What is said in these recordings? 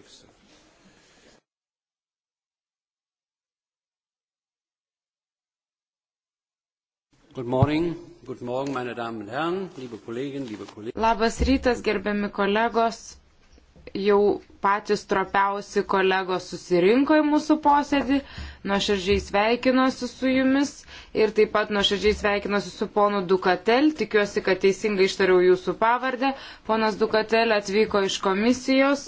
и все. Good morning, good morning, meine Damen und Herren, liebe Kolleginnen, liebe Kollegen. Labas rytas, gerbiami kolegos. Jau patys tropiausi kolegos susirinko į mūsų posėdį nuoširdžiai sveikinuosi su jumis ir taip pat nuoširdžiai sveikinuosi su ponu Dukatel. Tikiuosi, kad teisingai ištariau jūsų pavardę. Ponas Dukatel atvyko iš komisijos.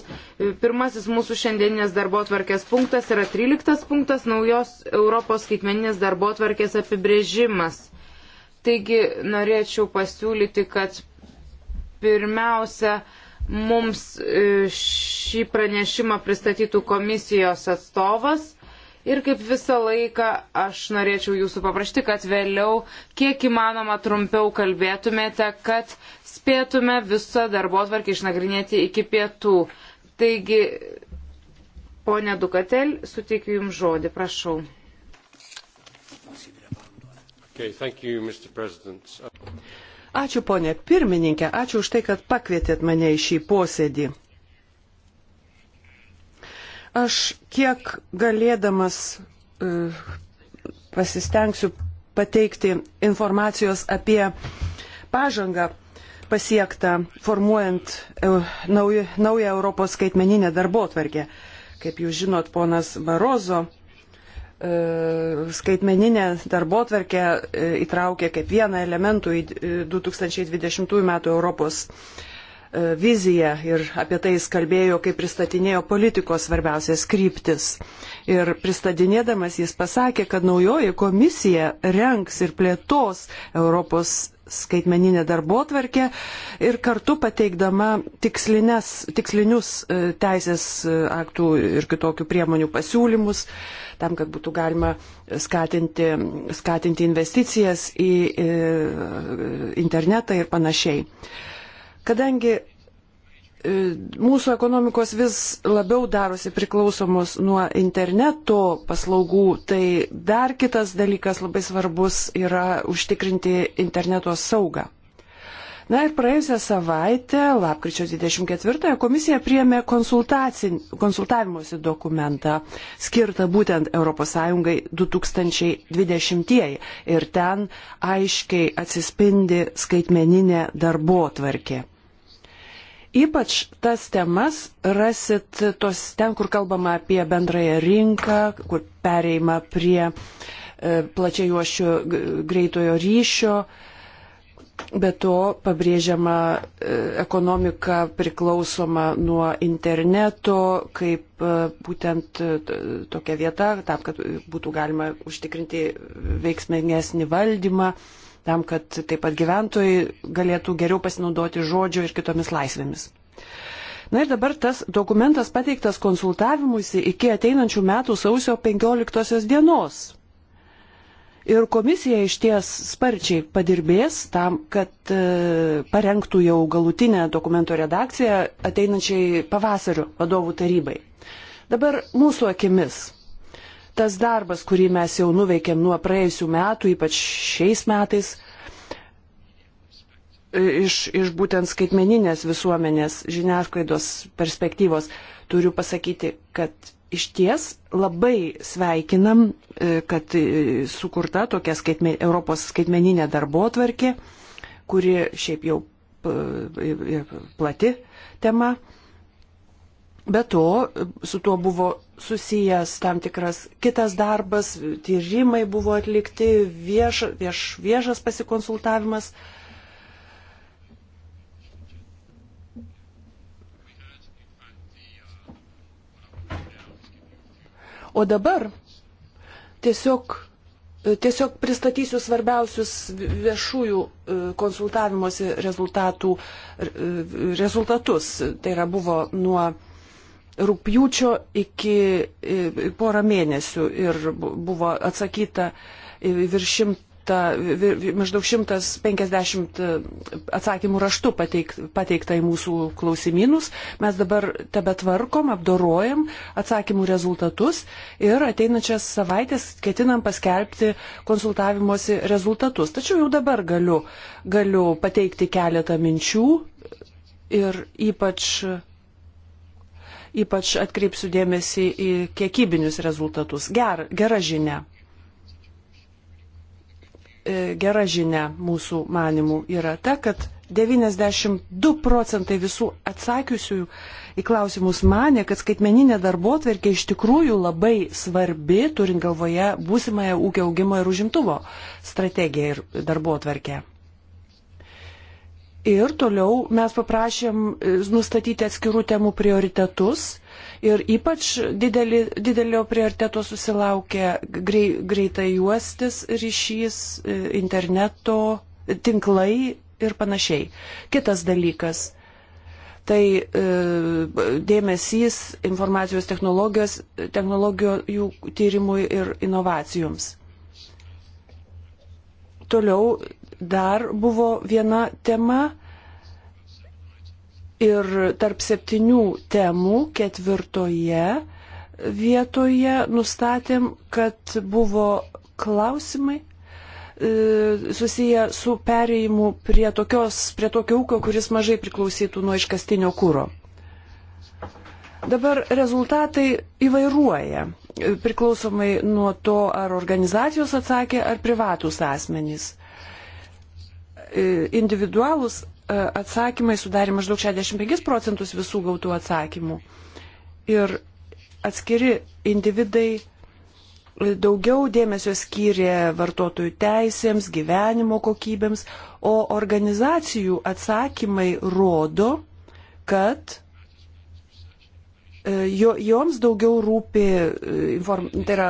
Pirmasis mūsų šiandieninės darbo tvarkės punktas yra 13 punktas naujos Europos skaitmeninės darbo tvarkės apibrėžimas. Taigi norėčiau pasiūlyti, kad pirmiausia, mums e, šį pranešimą pristatytų komisijos atstovas, Ir kaip visą laiką aš norėčiau jūsų paprašyti, kad vėliau kiek įmanoma trumpiau kalbėtumėte, kad spėtume visą darbo tvarkį išnagrinėti iki pietų. Taigi, ponė Dukatel, suteikiu Jums žodį, prašau. Okay, thank you, Mr. President. Ačiū ponė pirmininkė, ačiū už tai, kad pakvietėt mane į šį posėdį. Aš kiek galėdamas e, pasistengsiu pateikti informacijos apie pažangą pasiektą formuojant e, naują Europos skaitmeninę darbo tvarkę. Kaip jūs žinot, ponas Barozo e, skaitmeninę darbo tvarkę įtraukė kaip vieną elementų į 2020 m. Europos E, viziją ir apie tai jis kalbėjo, kai pristatinėjo politikos svarbiausias kryptis. Ir pristatinėdamas jis pasakė, kad naujoji komisija renks ir plėtos Europos skaitmeninę darbo tvarkę ir kartu pateikdama tikslinius e, teisės e, aktų ir kitokių priemonių pasiūlymus, tam, kad būtų galima skatinti, skatinti investicijas į internetą ir panašiai. Kadangi e, mūsų ekonomikos vis labiau darosi priklausomos nuo interneto paslaugų, tai dar kitas dalykas labai svarbus yra užtikrinti interneto saugą. Na ir praėjusią savaitę, lapkričio 24-ąją, komisija priėmė konsultavimosi dokumentą skirtą būtent ES 2020-ieji. Ir ten aiškiai atsispindi skaitmeninė darbo tvarkė. Ypač tas temas rasit tos ten, kur kalbama apie bendrąją rinką, kur pereima prie e, plačiai juošio greitojo ryšio. Be to pabrėžiama e, ekonomika priklausoma nuo interneto, kaip e, būtent tokia vieta, tam, kad būtų galima užtikrinti veiksmingesnį valdymą tam, kad taip pat gyventojai galėtų geriau pasinaudoti žodžio ir kitomis laisvėmis. Na ir dabar tas dokumentas pateiktas konsultavimuisi iki ateinančių metų sausio 15 dienos. Ir komisija iš ties sparčiai padirbės tam, kad e, parengtų jau galutinę dokumento redakciją ateinančiai pavasario vadovų tarybai. Dabar mūsų akimis tas darbas, kurį mes jau nuveikėm nuo praėjusių metų, ypač šiais metais, iš, iš būtent skaitmeninės visuomenės žiniasklaidos perspektyvos, turiu pasakyti, kad iš ties labai sveikinam, e, kad e, sukurta tokia skaitme, Europos skaitmeninė darbo tvarkė, kuri šiaip jau e, plati tema Be to, su tuo buvo susijęs tam tikras kitas darbas, tyrimai buvo atlikti, vieš, vieš, viešas pasikonsultavimas. O dabar tiesiog, tiesiog pristatysiu svarbiausius viešųjų e, konsultavimuose rezultatus. Tai yra buvo nuo rūpjūčio iki porą mėnesių ir buvo atsakyta virš šimtą, maždaug 150 e, atsakymų raštų pateik, pateikta į mūsų klausimynus. Mes dabar tebe tvarkom, apdorojam atsakymų rezultatus ir ateinančias savaitės ketinam paskelbti konsultavimuose rezultatus. Tačiau jau dabar galiu, galiu pateikti keletą minčių ir ypač Ypač atkreipsiu dėmesį į kiekybinius rezultatus. Ger, gera žinia. E, gera žinia mūsų manimų yra ta, kad 92 procentai visų atsakiusiųjų į klausimus mane, kad skaitmeninė darbo tvarkė iš tikrųjų labai svarbi, turint galvoje būsimąją ūkio augimo ir užimtumo strategiją ir darbo tvarkę. Ir toliau mes paprašėm e, nustatyti atskirų temų prioritetus. Ir ypač didelį, didelio prioriteto susilaukė grei, greitai juostis ryšys, e, interneto e, tinklai ir panašiai. Kitas dalykas tai e, dėmesys informacijos technologijos, technologijų tyrimui ir inovacijoms. Toliau dar buvo viena tema ir tarp septynių temų ketvirtoje vietoje nustatėm, kad buvo klausimai e, susiję su perėjimu prie, tokios, prie tokio ūkio, kuris mažai priklausytų nuo iškastinio kūro. Dabar rezultatai įvairuoja, e, priklausomai nuo to, ar organizacijos atsakė, ar privatus asmenys. E, individualūs e, atsakymai sudarė maždaug 65 procentus visų gautų atsakymų. Ir atskiri individai e, daugiau dėmesio skyrė vartotojų teisėms, gyvenimo kokybėms, o organizacijų atsakymai rodo, kad jo, joms daugiau rūpi inform, tai yra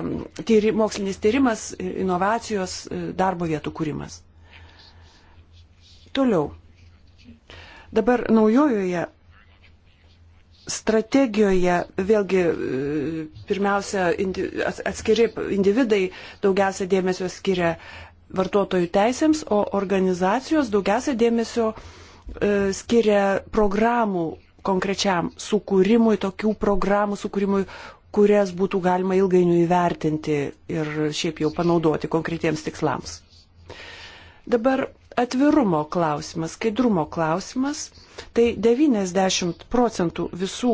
tyri, mokslinis tyrimas, inovacijos, darbo vietų kūrimas. Toliau. Dabar naujojoje strategijoje vėlgi e, pirmiausia atskiri individai daugiausia dėmesio skiria vartotojų teisėms, o organizacijos daugiausia dėmesio e, skiria programų konkrečiam sukūrimui, tokių programų sukūrimui, kurias būtų galima ilgainiui įvertinti ir šiaip jau panaudoti konkretiems tikslams. Dabar atvirumo klausimas, skaidrumo klausimas. Tai 90 procentų visų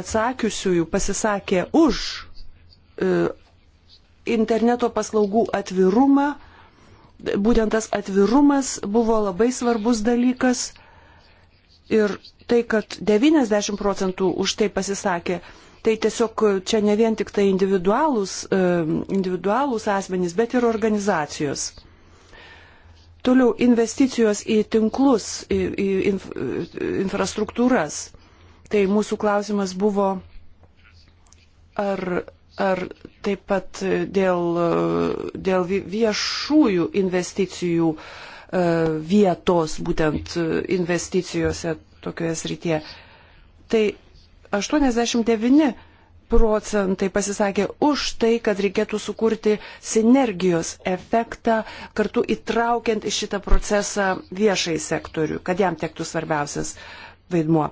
atsakiusiųjų pasisakė už e, interneto paslaugų atvirumą. Būtent tas atvirumas buvo labai svarbus dalykas. Ir tai, kad 90 procentų už tai pasisakė, tai tiesiog čia ne vien tik tai individualūs, e, individualūs asmenys, bet ir organizacijos. Toliau investicijos į tinklus, į, į inf, infrastruktūras. Tai mūsų klausimas buvo, ar, ar taip pat dėl, dėl viešųjų investicijų e, vietos būtent investicijose tokioje srityje. Tai 89 procentai pasisakė už tai, kad reikėtų sukurti sinergijos efektą, kartu įtraukiant į šitą procesą viešai sektorių, kad jam tektų svarbiausias vaidmuo.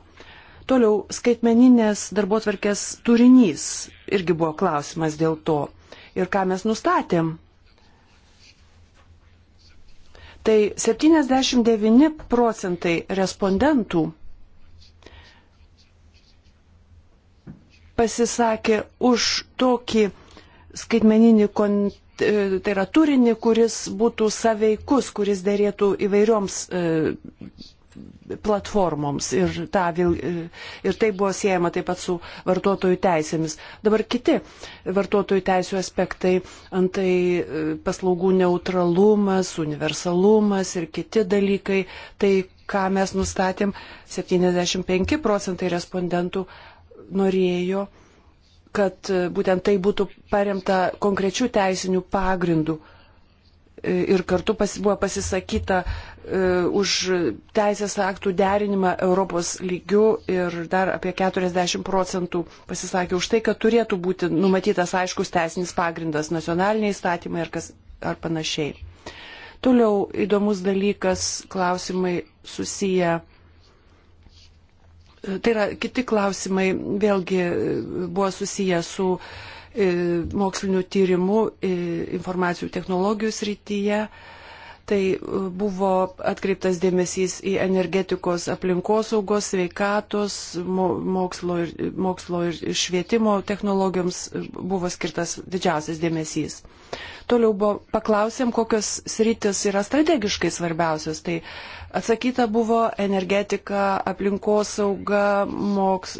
Toliau skaitmeninės darbo tvarkės turinys irgi buvo klausimas dėl to. Ir ką mes nustatėm? Tai 79 procentai respondentų pasisakė už tokį skaitmeninį kontekstą tai yra turinį, kuris būtų saveikus, kuris dėrėtų įvairioms e, platformoms ir, ta, e, ir tai buvo siejama taip pat su vartotojų teisėmis. Dabar kiti vartotojų teisų aspektai, antai e, paslaugų neutralumas, universalumas ir kiti dalykai, tai ką mes nustatėm, 75 procentai respondentų norėjo, kad e, būtent tai būtų paremta konkrečių teisinių pagrindų. E, ir kartu pas, buvo pasisakyta e, už teisės aktų derinimą Europos lygių ir dar apie 40 procentų pasisakė už tai, kad turėtų būti numatytas aiškus teisinis pagrindas, nacionaliniai įstatymai ar, kas, ar panašiai. Toliau įdomus dalykas, klausimai susiję Tai yra kiti klausimai, vėlgi e, buvo susiję su e, mokslinių tyrimų e, informacijų technologijų srityje. E, Tai e, buvo atkreiptas dėmesys į energetikos aplinkosaugos, sveikatos, mokslo ir, mokslo ir švietimo technologijoms e, buvo skirtas didžiausias dėmesys. Toliau buvo paklausėm, kokios sritis yra strategiškai svarbiausios. Tai atsakyta buvo energetika, aplinkosauga, moks,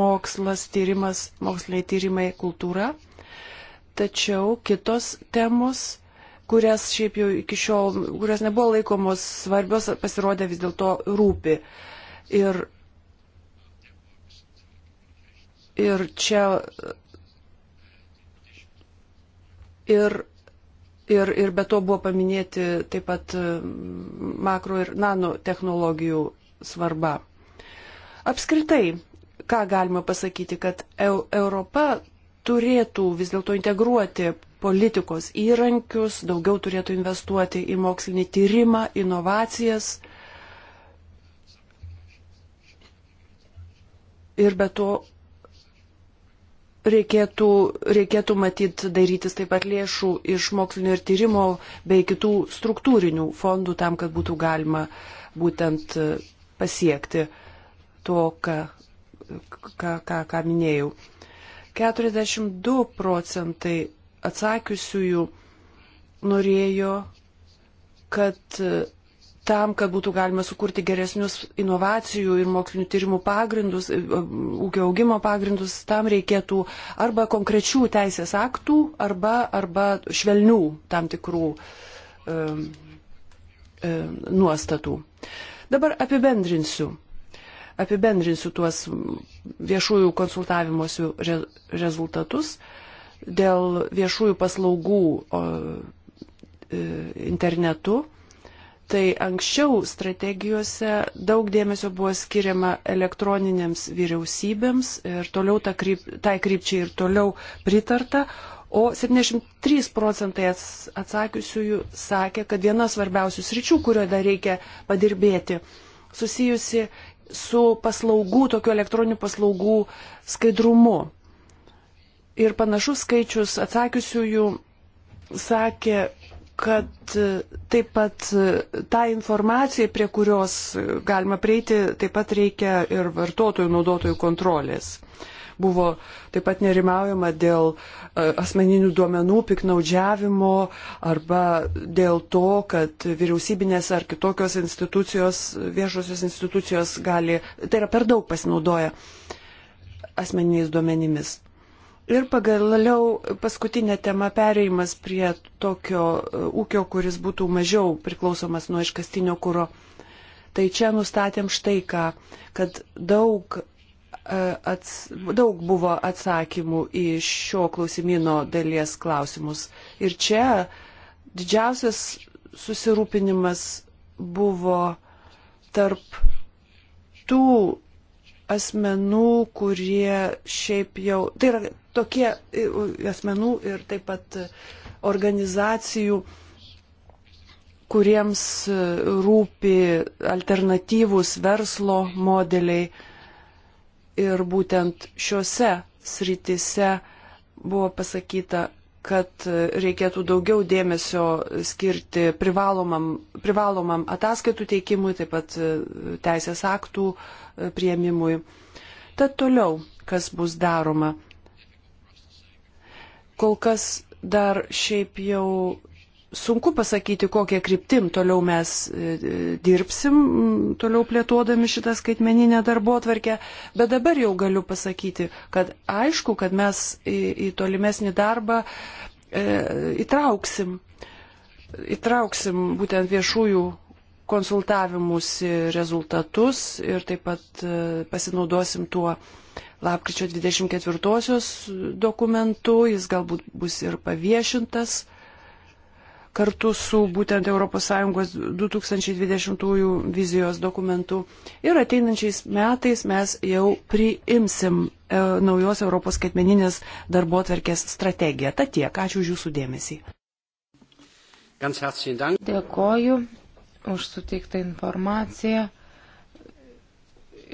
mokslas, tyrimas, moksliniai tyrimai, kultūra. Tačiau kitos temos kurias šiaip jau iki šiol, kurias nebuvo laikomos svarbios, pasirodė vis dėlto rūpi. Ir, ir čia. Ir, ir, ir be to buvo paminėti taip pat mm, makro ir nano technologijų svarba. Apskritai, ką galima pasakyti, kad Europa turėtų vis dėlto integruoti politikos įrankius, daugiau turėtų investuoti į mokslinį tyrimą, inovacijas. Ir be to reikėtų, reikėtų matyt darytis taip pat lėšų iš mokslinio ir tyrimo bei kitų struktūrinių fondų tam, kad būtų galima būtent e, pasiekti to, ką, ką, ką, ką minėjau. 42 procentai atsakiusiųjų norėjo, kad e, tam, kad būtų galima sukurti geresnius inovacijų ir mokslinių tyrimų pagrindus, e, e, ūkio augimo pagrindus, tam reikėtų arba konkrečių teisės aktų, arba, arba švelnių tam tikrų um, um, nuostatų. Dabar apibendrinsiu. Apibendrinsiu tuos viešųjų konsultavimuose re, rezultatus. Uh, dėl viešųjų paslaugų e, internetu, tai anksčiau strategijose daug dėmesio buvo skiriama elektroninėms vyriausybėms ir toliau ta kryp, tai krypčiai ir toliau pritarta, o 73 procentai atsakiusiųjų sakė, kad viena svarbiausių sričių, kurioje dar reikia padirbėti, susijusi su paslaugų, tokių elektroninių paslaugų skaidrumu. Ir panašus skaičius atsakiusiųjų sakė, kad e, taip pat e, tą informaciją, prie kurios galima prieiti, taip pat reikia ir vartotojų, naudotojų kontrolės. Buvo taip pat nerimaujama dėl e, asmeninių duomenų piknaudžiavimo arba dėl to, kad vyriausybinės ar kitokios institucijos, viešosios institucijos gali, tai yra per daug pasinaudoja asmeniniais duomenimis. Ir pagaliau paskutinė tema pereimas prie tokio e, ūkio, kuris būtų mažiau priklausomas nuo iškastinio kūro. Tai čia nustatėm štai ką, kad daug, e, ats, daug buvo atsakymų į šio klausimino dalies klausimus. Ir čia didžiausias susirūpinimas buvo tarp tų asmenų, kurie šiaip jau, tai yra tokie e, asmenų ir taip pat e, organizacijų, kuriems e, rūpi alternatyvūs verslo modeliai. Ir būtent šiuose srityse buvo pasakyta, kad reikėtų daugiau dėmesio skirti privalomam, privalomam ataskaitų teikimui, taip pat teisės aktų prieimimui. Tad toliau, kas bus daroma kol kas dar šiaip jau sunku pasakyti, kokią kryptim toliau mes e, e, dirbsim, toliau plėtuodami šitą skaitmeninę darbo atvarkę, bet dabar jau galiu pasakyti, kad aišku, kad mes į, į tolimesnį darbą e, įtrauksim, įtrauksim būtent viešųjų konsultavimus rezultatus ir taip pat e, pasinaudosim tuo lapkričio 24-osios dokumentu, jis galbūt bus ir paviešintas kartu su būtent ES 2020 vizijos dokumentu. Ir ateinančiais metais mes jau priimsim e, naujos Europos skaitmeninės darbo atverkės strategiją. Ta tiek, ačiū už Jūsų dėmesį. Dėkoju už suteiktą informaciją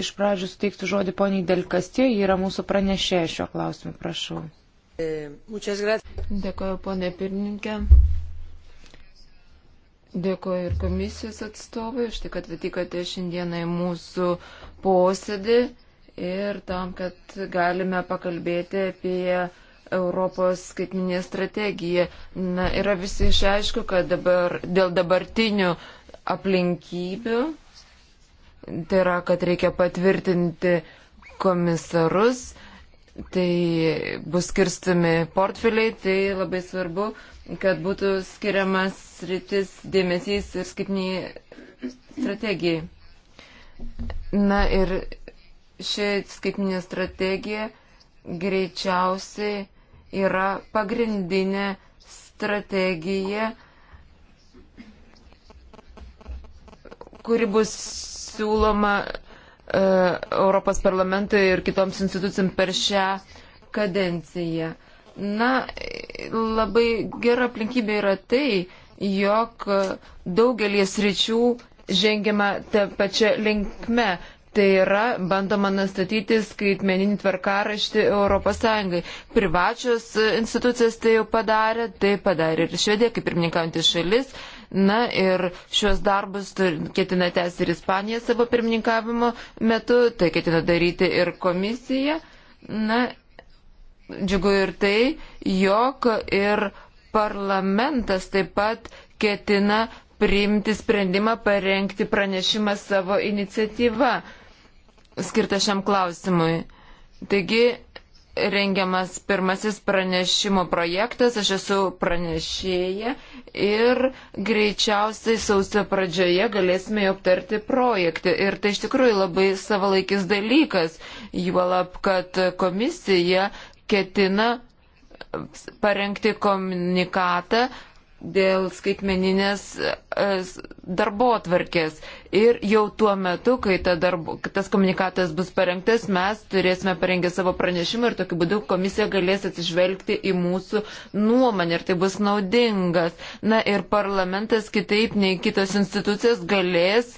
iš pradžių suteiksiu žodį poniai Delkastė, ji yra mūsų pranešėja šio klausimu, prašau. Dėkoju, ponė pirmininkė. Dėkoju ir komisijos atstovai už tai, kad atvykote šiandieną į mūsų posėdį ir tam, kad galime pakalbėti apie Europos skaitminė strategija. Na, yra visi išaišku, kad dabar, dėl dabartinių aplinkybių Tai yra, kad reikia patvirtinti komisarus, tai bus skirstami portfeliai, tai labai svarbu, kad būtų skiriamas rytis dėmesys ir skaitiniai strategijai. Na ir ši skaitminė strategija greičiausiai yra pagrindinė strategija, kuri bus siūloma e, Europos parlamentui ir kitoms institucijams per šią kadenciją. Na, labai gera aplinkybė yra tai, jog daugelį sričių žengiama tą pačią linkmę. Tai yra bandoma nustatyti skaitmeninį tvarkaraštį ES. Privačios institucijos tai jau padarė, tai padarė ir Švedija, kaip pirmininkaujantis šalis. Na ir šios darbus ketina tęsti ir Ispanija savo pirmininkavimo metu, tai ketina daryti ir komisija. Na, džiugu ir tai, jog ir parlamentas taip pat ketina priimti sprendimą parengti pranešimą savo iniciatyvą skirtą šiam klausimui. Taigi rengiamas pirmasis pranešimo projektas, aš esu pranešėja ir greičiausiai sausio pradžioje galėsime jau aptarti projektą. Ir tai iš tikrųjų labai savalaikis dalykas, juolab, kad komisija ketina parengti komunikatą dėl skaitmeninės e, darbo atvarkės. Ir jau tuo metu, kai ta darbo, tas komunikatas bus parengtas, mes turėsime parengę savo pranešimą ir tokiu būdu komisija galės atsižvelgti į mūsų nuomonę ir tai bus naudingas. Na ir parlamentas kitaip nei kitos institucijos galės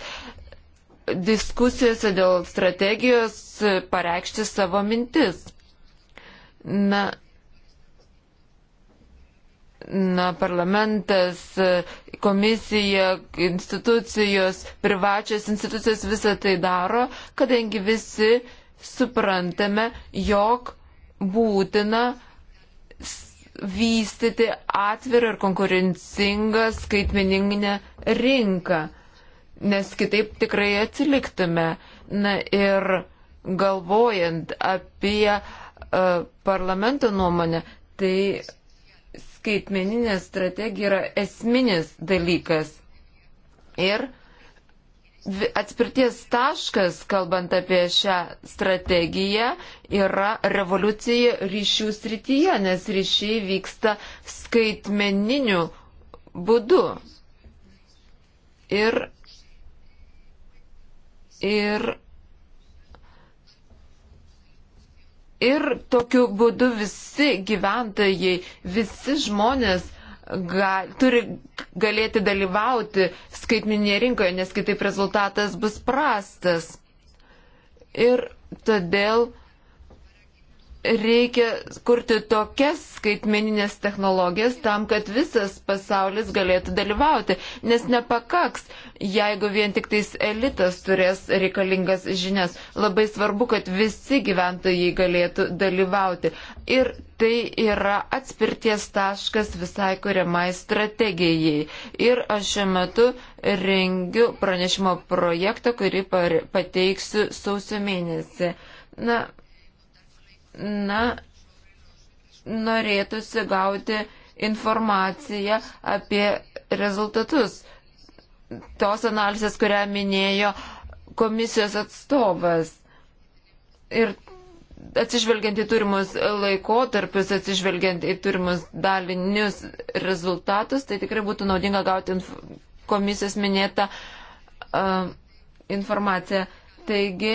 diskusijose dėl strategijos pareikšti savo mintis. Na, na, parlamentas, komisija, institucijos, privačios institucijos visą tai daro, kadangi visi suprantame, jog būtina vystyti atvirą ir konkurencingą skaitmeninę rinką, nes kitaip tikrai atsiliktume. Na ir galvojant apie uh, parlamento nuomonę, tai skaitmeninė strategija yra esminis dalykas. Ir atspirties taškas, kalbant apie šią strategiją, yra revoliucija ryšių srityje, nes ryšiai vyksta skaitmeniniu būdu. Ir, ir Ir tokiu būdu visi gyventojai, visi žmonės gal, turi galėti dalyvauti skaitminėje rinkoje, nes kitaip rezultatas bus prastas. Ir todėl uh, reikia kurti tokias skaitmeninės technologijas tam, kad visas pasaulis galėtų dalyvauti, nes nepakaks, jeigu vien tik tais elitas turės reikalingas žinias. Labai svarbu, kad visi gyventojai galėtų dalyvauti. Ir tai yra atspirties taškas visai kuriamai strategijai. Ir aš šiuo metu rengiu pranešimo projektą, kurį pateiksiu sausio mėnesį. Na, na, norėtųsi gauti informaciją apie rezultatus tos analizės, kurią minėjo komisijos atstovas. Ir atsižvelgiant į turimus laikotarpius, atsižvelgiant į turimus dalinius rezultatus, tai tikrai būtų naudinga gauti inf komisijos minėtą uh, informaciją. Taigi,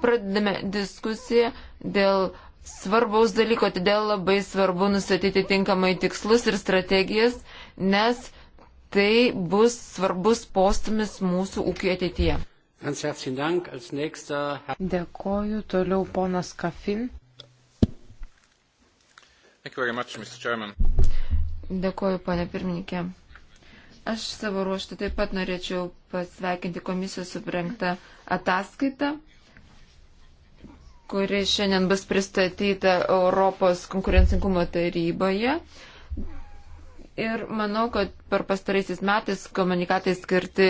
pradedame diskusiją dėl svarbaus dalyko, todėl labai svarbu nustatyti tinkamai tikslus ir strategijas, nes tai bus svarbus postumis mūsų ūkio ateityje. Dėkoju toliau ponas Kafin. Much, Dėkoju, pane pirmininkė. Aš savo ruoštų taip pat norėčiau pasveikinti komisijos subrengtą ataskaitą kuri šiandien bus pristatyta Europos konkurencingumo taryboje. Ir manau, kad per pastaraisiais metais komunikatai skirti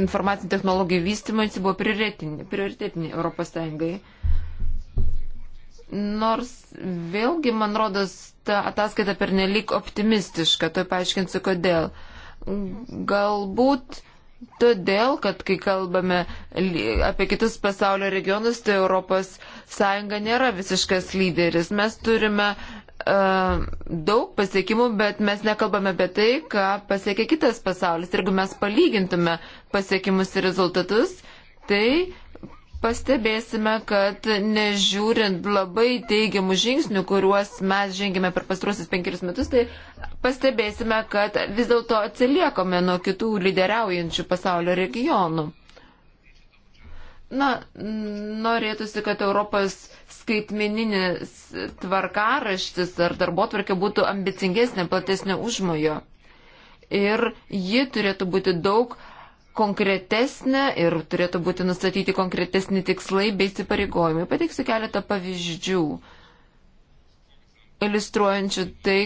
informacinių technologijų vystimuisi buvo prioritetiniai Europos Sąjungai. Nors vėlgi, man rodos, ta ataskaita per nelik optimistiška, tai paaiškinsiu kodėl. Galbūt Todėl, kad kai kalbame apie kitus pasaulio regionus, tai ES nėra visiškas lyderis. Mes turime uh, daug pasiekimų, bet mes nekalbame apie tai, ką pasiekė kitas pasaulis. Ir jeigu mes palygintume pasiekimus ir rezultatus, tai pastebėsime, kad nežiūrint labai teigiamų žingsnių, kuriuos mes žengėme per pastruosius penkerius metus, tai pastebėsime, kad vis dėlto atsiliekame nuo kitų lyderiaujančių pasaulio regionų. Na, norėtųsi, kad Europos skaitmeninis tvarkaraštis ar darbotvarkė būtų ambicingesnė, platesnė užmojo. Ir ji turėtų būti daug uh, konkretesnė ir turėtų būti nustatyti konkretesni tikslai bei įsipareigojimai. Pateiksiu keletą pavyzdžių, iliustruojančių tai,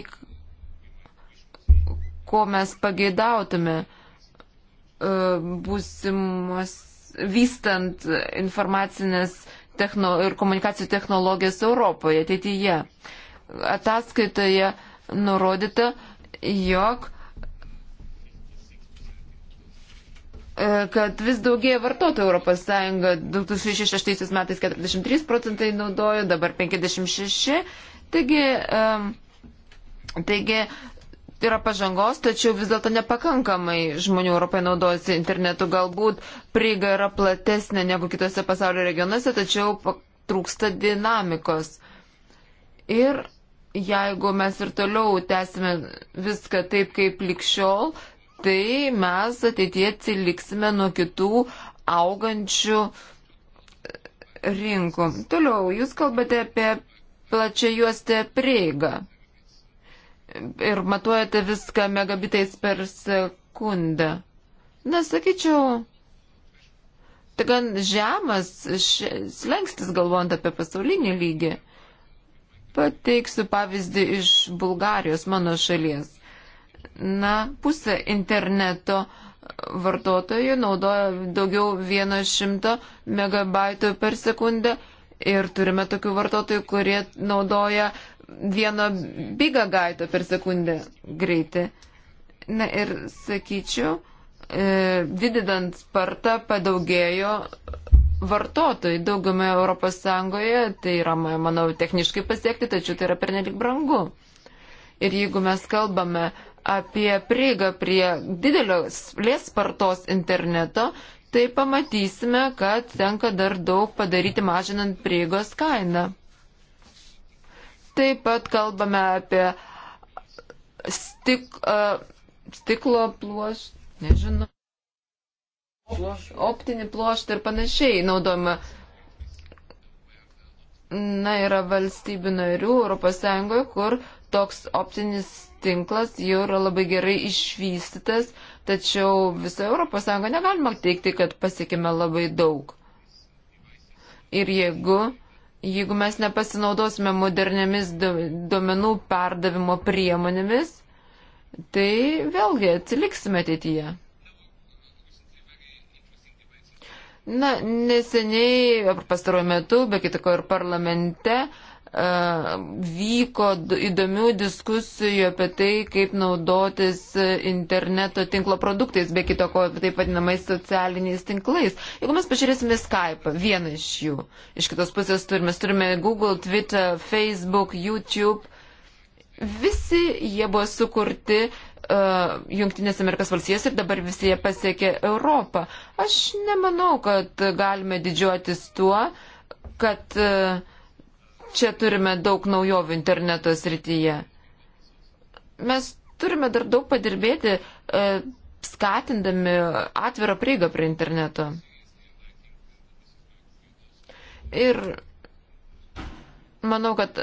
ko mes pageidautume e, būsimas vystant informacinės techno, ir komunikacijų technologijas Europoje ateityje. Ataskaitoje nurodyta, jog E, kad vis daugėja vartotojų Europos Sąjunga. 2006 metais 43 procentai naudojo, dabar 56. Taigi, taigi yra pažangos, tačiau vis dėlto nepakankamai žmonių Europoje naudojasi internetu. Galbūt prieiga yra platesnė negu kitose pasaulio regionuose, tačiau trūksta dinamikos. Ir jeigu mes ir toliau tęsime viską taip kaip likščiol, tai mes ateitie atsiliksime nuo kitų augančių rinkų. Toliau, jūs kalbate apie plačią juostę prieigą ir matuojate viską megabitais per sekundę. Na, sakyčiau, tai gan žemas slengstis galvojant apie pasaulinį lygį. Pateiksiu pavyzdį iš Bulgarijos, mano šalies. Na, pusė interneto vartotojų naudoja daugiau 100 megabaitų per sekundę ir turime tokių vartotojų, kurie naudoja vieno gigagaito per sekundę greitį. Na ir sakyčiau, e, didinant spartą padaugėjo vartotojai daugumai Europos Sąjungoje, tai yra, manau, techniškai pasiekti, tačiau tai yra pernelik brangu. Ir jeigu mes kalbame apie prieigą prie didelio lėspartos interneto, tai pamatysime, kad tenka dar daug padaryti mažinant prieigos kainą. Taip pat kalbame apie stik, uh, stiklo pluoštą, nežinau, optinį pluoštą ir panašiai naudojama. Na, yra valstybių narių ES, kur toks optinis tinklas jau yra labai gerai išvystytas, tačiau visą ES negalima teikti, kad pasiekime labai daug. Ir jeigu, jeigu mes nepasinaudosime moderniamis duomenų perdavimo priemonėmis, tai vėlgi atsiliksime ateityje. Na, neseniai, pastaruoju metu, be kitako ir parlamente, vyko įdomių diskusijų apie tai, kaip naudotis e, interneto tinklo produktais, be kito ko taip vadinamais socialiniais tinklais. Jeigu mes pažiūrėsime Skype, vieną iš jų, iš kitos pusės turime, turime Google, Twitter, Facebook, YouTube. Visi jie buvo sukurti uh, Junktinės Amerikos valstijas ir dabar visi jie pasiekė Europą. Aš nemanau, kad galime didžiuotis tuo, kad uh, čia turime daug naujovių interneto srityje. Mes turime dar daug padirbėti, e, skatindami atvirą prieigą prie interneto. Ir manau, kad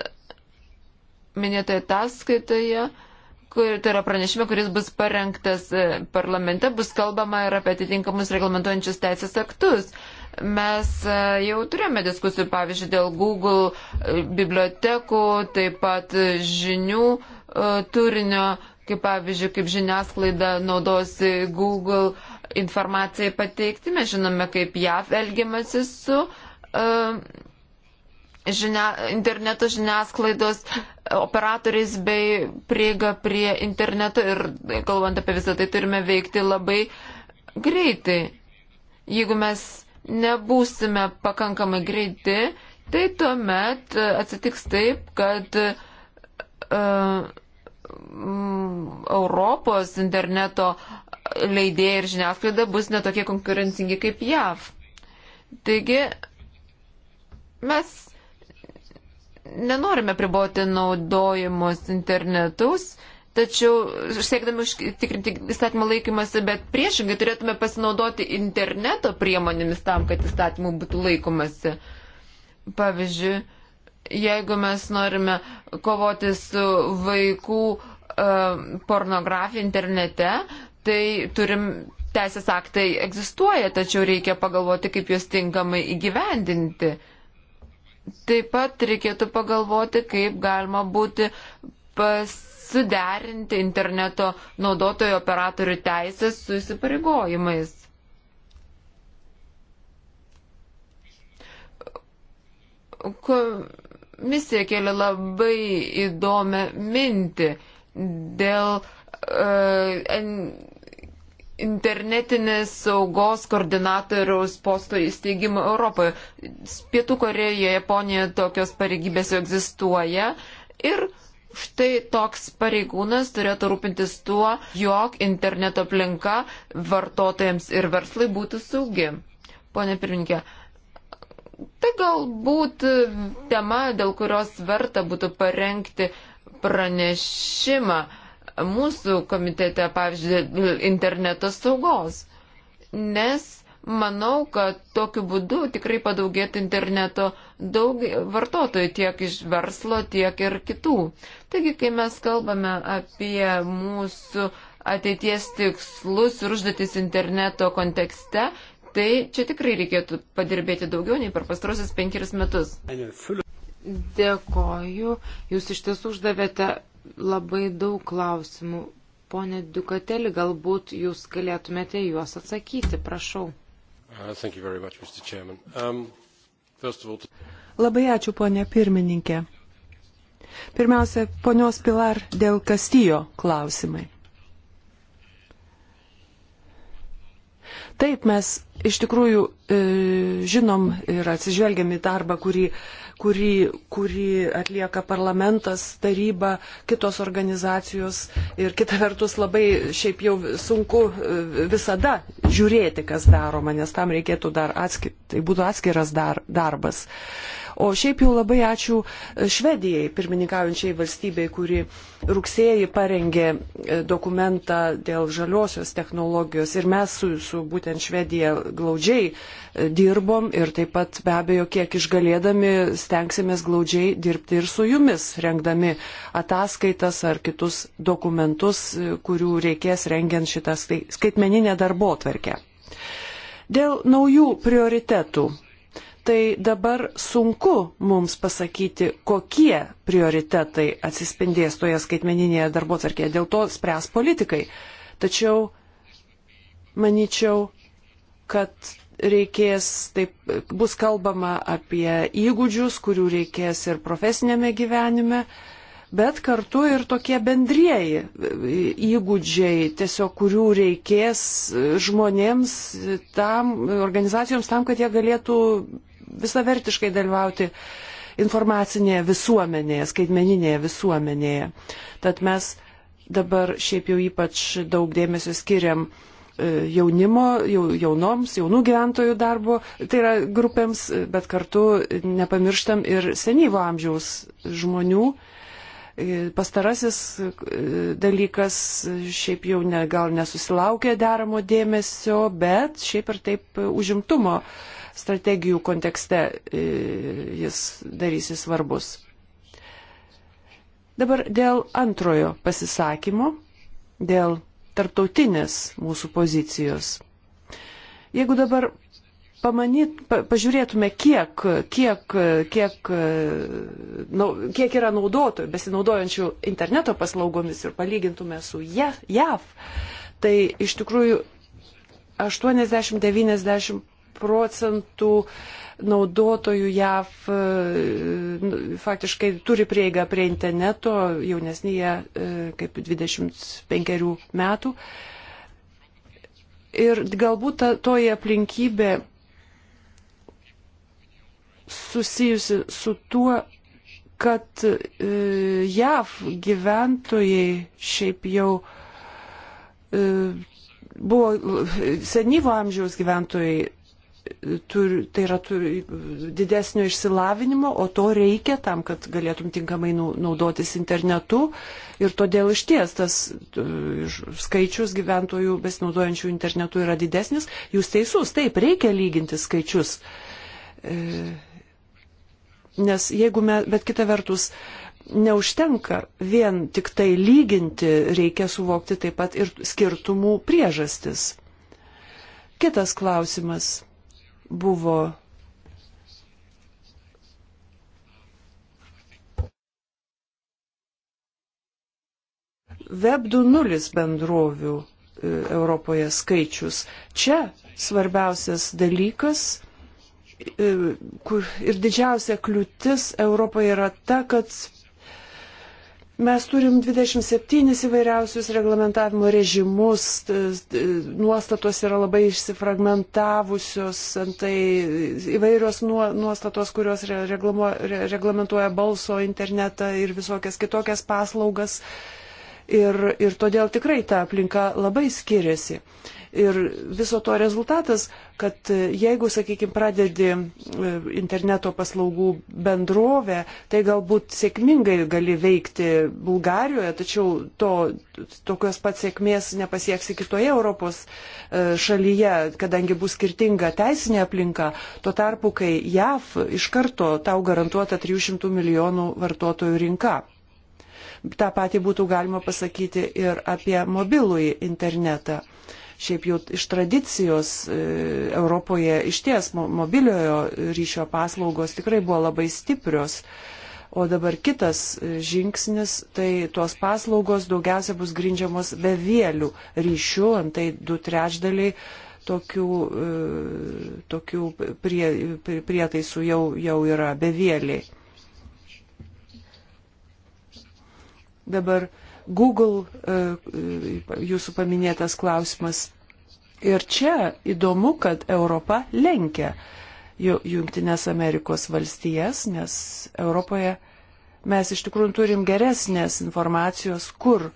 minėtoje ataskaitoje, kur tai yra pranešime, kuris bus parengtas e, parlamente, bus kalbama ir apie atitinkamus reglamentuojančius teisės aktus. Uh, Mes e, jau turėjome diskusijų, pavyzdžiui, dėl Google e, bibliotekų, taip pat e, žinių turinio, kaip pavyzdžiui, kaip žiniasklaida naudosi Google informacijai pateikti. Mes žinome, kaip JAV elgiamasi su uh, žinia, interneto žiniasklaidos operatoriais bei prieiga prie interneto ir kalbant apie visą tai turime veikti labai greitai. Jeigu mes nebūsime pakankamai greiti, tai tuomet e, atsitiks taip, kad uh, Europos interneto leidėjai ir žiniasklaida bus netokie konkurencingi kaip JAV. Taigi mes nenorime priboti naudojimus internetus, uh, Tačiau siekdami užtikrinti įstatymą laikymasi, bet priešingai turėtume pasinaudoti interneto priemonėmis tam, kad įstatymų būtų laikomasi. Pavyzdžiui, jeigu mes norime kovoti su vaikų uh, pornografija internete, tai turim teisės aktai egzistuoja, tačiau reikia pagalvoti, kaip juos tinkamai įgyvendinti. Taip pat reikėtų pagalvoti, kaip galima būti pas suderinti interneto naudotojo operatorių teisės su įsipareigojimais. Komisija kėlė labai įdomią mintį dėl uh, internetinės saugos koordinatoriaus posto įsteigimo Europoje. Pietų Korejoje, Japonijoje tokios pareigybės jau egzistuoja ir štai toks pareigūnas turėtų rūpintis tuo, jog interneto aplinka vartotojams ir verslai būtų saugi. Pone pirminkė, tai galbūt tema, dėl kurios verta būtų parengti pranešimą mūsų komitete, pavyzdžiui, interneto saugos. Nes Manau, kad tokiu būdu tikrai padaugėtų interneto daug vartotojų tiek iš verslo, tiek ir kitų. Taigi, kai mes kalbame apie mūsų ateities tikslus ir užduotis interneto kontekste, tai čia tikrai reikėtų padirbėti daugiau nei per pastarosius penkerius metus. Dėkoju. Jūs iš tiesų uždavėte labai daug klausimų. Pone Dukatelį, galbūt jūs galėtumėte juos atsakyti, prašau. Uh, much, um, all... Labai ačiū, ponė pirmininkė. Pirmiausia, ponios Pilar dėl Kastijo klausimai. Taip, mes iš tikrųjų e, žinom ir atsižvelgiam į darbą, kurį kurį, kurį atlieka parlamentas, taryba, kitos organizacijos. Ir kita vertus labai šiaip jau sunku e, visada žiūrėti, kas daroma, nes tam reikėtų dar atskir, tai būtų atskiras dar, darbas. Uh, O šiaip jau labai ačiū e, Švedijai, pirmininkaujančiai valstybei, kuri rugsėjį parengė e, dokumentą dėl žaliosios technologijos ir mes su, su būtent Švedija glaudžiai e, dirbom ir taip pat be abejo, kiek išgalėdami stengsimės glaudžiai dirbti ir su jumis, rengdami ataskaitas ar kitus dokumentus, kurių reikės rengiant šitą skaitmeninę darbo tvarkę. Dėl naujų prioritetų tai dabar sunku mums pasakyti, kokie prioritetai atsispindės toje skaitmeninėje darbo tvarkėje. Dėl to spręs politikai. Tačiau manyčiau, kad reikės, taip bus kalbama apie įgūdžius, kurių reikės ir profesinėme gyvenime, bet kartu ir tokie bendrieji įgūdžiai, tiesiog kurių reikės žmonėms, tam, organizacijoms tam, kad jie galėtų visavertiškai dalyvauti informacinėje visuomenėje, skaitmeninėje visuomenėje. Tad mes dabar šiaip jau ypač daug dėmesio skiriam e, jaunimo, jaunoms, jaunų gyventojų darbo, tai yra grupėms, bet kartu nepamirštam ir senyvo amžiaus žmonių. E, pastarasis e, dalykas šiaip jau ne, gal nesusilaukė deramo dėmesio, bet šiaip ir taip užimtumo uh, strategijų kontekste e, jis darysi svarbus. Dabar dėl antrojo pasisakymo, dėl tarptautinės mūsų pozicijos. Jeigu dabar pamanyt, pa, pažiūrėtume, kiek, kiek, kiek, nu, kiek yra naudotojų, besinaudojančių interneto paslaugomis ir palygintume su JAV, tai iš tikrųjų 80-90 procentų naudotojų JAV e, faktiškai turi prieigą prie interneto, jaunesnėje e, kaip 25 metų. Ir galbūt ta, toji aplinkybė susijusi su tuo, kad e, JAV gyventojai šiaip jau buvo senyvo amžiaus gyventojai turi, tai yra turi didesnio išsilavinimo, o to reikia tam, kad galėtum tinkamai naudotis internetu. Ir todėl iš ties tas skaičius gyventojų besinaudojančių internetu yra didesnis. Jūs teisus, taip, reikia lyginti skaičius. E, nes jeigu mes, bet kita vertus, neužtenka vien tik tai lyginti, reikia suvokti taip pat ir skirtumų priežastis. Kitas klausimas buvo Web 2.0 bendrovių e, Europoje skaičius. Čia svarbiausias dalykas e, ir didžiausia kliūtis Europoje yra ta, kad Mes turim 27 įvairiausius reglamentavimo režimus, nuostatos yra labai išsifragmentavusios, tai įvairios nuostatos, kurios reglamentuoja balso internetą ir visokias kitokias paslaugas. Ir, ir todėl tikrai ta aplinka labai skiriasi. Ir viso to rezultatas, kad e, jeigu, sakykime, pradedi e, interneto paslaugų bendrovę, tai galbūt sėkmingai gali veikti Bulgarijoje, tačiau to, tokios pat sėkmės nepasieksi kitoje Europos e, šalyje, kadangi bus skirtinga teisinė aplinka. Tuo tarpu, kai JAV iš karto tau garantuota 300 milijonų vartotojų rinka. Ta pati būtų galima pasakyti ir apie mobilųjį internetą. Šiaip jau iš tradicijos e, Europoje išties mobiliojo ryšio paslaugos tikrai buvo labai stiprios. O dabar kitas e, žingsnis, tai tuos paslaugos daugiausia bus grindžiamos bevėlių ryšių, antai du trečdaliai tokių, e, tokių prie, prie, prietaisų jau, jau yra bevėliai. Dabar Google, e, e, jūsų paminėtas klausimas. Ir čia įdomu, kad Europa lenkia Junktinės Amerikos valstijas, nes Europoje mes iš tikrųjų turim geresnės informacijos, kur,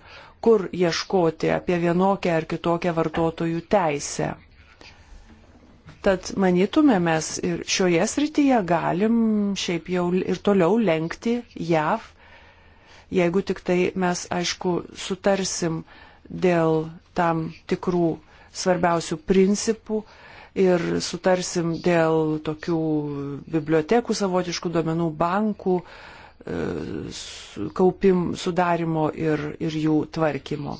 kur ieškoti apie vienokią ar kitokią vartotojų teisę. Tad manytume mes ir šioje srityje galim šiaip jau ir toliau lenkti JAV jeigu tik tai mes, aišku, sutarsim dėl tam tikrų svarbiausių principų ir sutarsim dėl tokių bibliotekų savotiškų duomenų bankų e, kaupim, sudarimo ir, ir jų tvarkymo.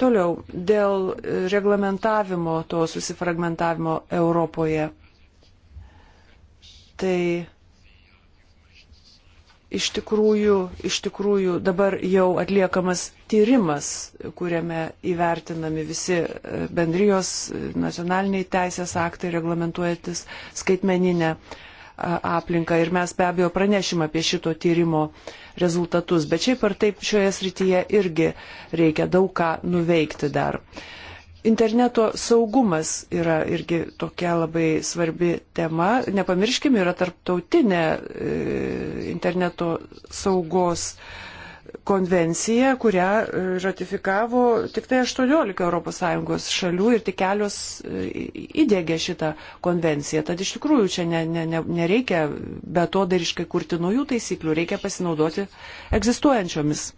Toliau, dėl reglamentavimo, to susifragmentavimo Europoje. Tai iš tikrųjų, iš tikrųjų dabar jau atliekamas tyrimas, kuriame įvertinami visi e, bendrijos e, nacionaliniai teisės aktai reglamentuojantis skaitmeninę aplinką ir mes be abejo pranešim apie šito tyrimo rezultatus, bet šiaip ar taip šioje srityje irgi reikia daug ką nuveikti dar. Uh, Interneto saugumas yra irgi tokia labai svarbi tema. Nepamirškim, yra tarptautinė e, interneto saugos konvencija, kurią e, ratifikavo tik tai 18 ES šalių ir tik kelios e, įdėgė šitą konvenciją. Tad iš tikrųjų čia ne, ne, ne, nereikia betodariškai kurti naujų taisyklių, reikia pasinaudoti egzistuojančiomis.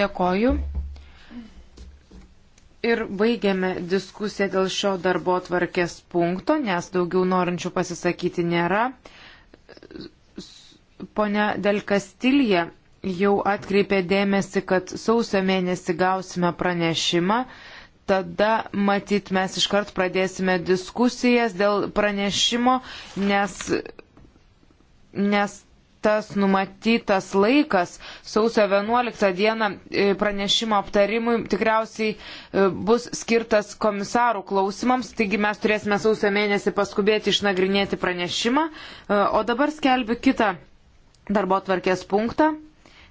Dėkoju ir baigiame diskusiją dėl šio darbo tvarkės punkto, nes daugiau norinčių pasisakyti nėra. Pone Del Kastilija jau atkreipė dėmesį, kad sausio mėnesį gausime pranešimą. Tada matyt mes iškart pradėsime diskusijas dėl pranešimo, nes, nes tas numatytas laikas sausio 11 dieną e, pranešimo aptarimui tikriausiai e, bus skirtas komisarų klausimams, taigi mes turėsime sausio mėnesį paskubėti išnagrinėti pranešimą. E, o dabar skelbiu kitą darbo tvarkės punktą.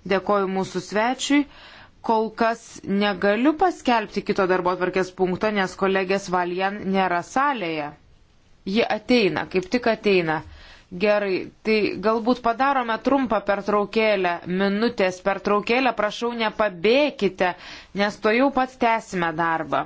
Dėkoju mūsų svečiui. Kol kas negaliu paskelbti kito darbo tvarkės punkto, nes kolegės Valjan nėra salėje. Ji ateina, kaip tik ateina. Gerai, tai galbūt padarome trumpą pertraukėlę, minutės pertraukėlę, prašau nepabėkite, nes to jau pat tęsime darbą.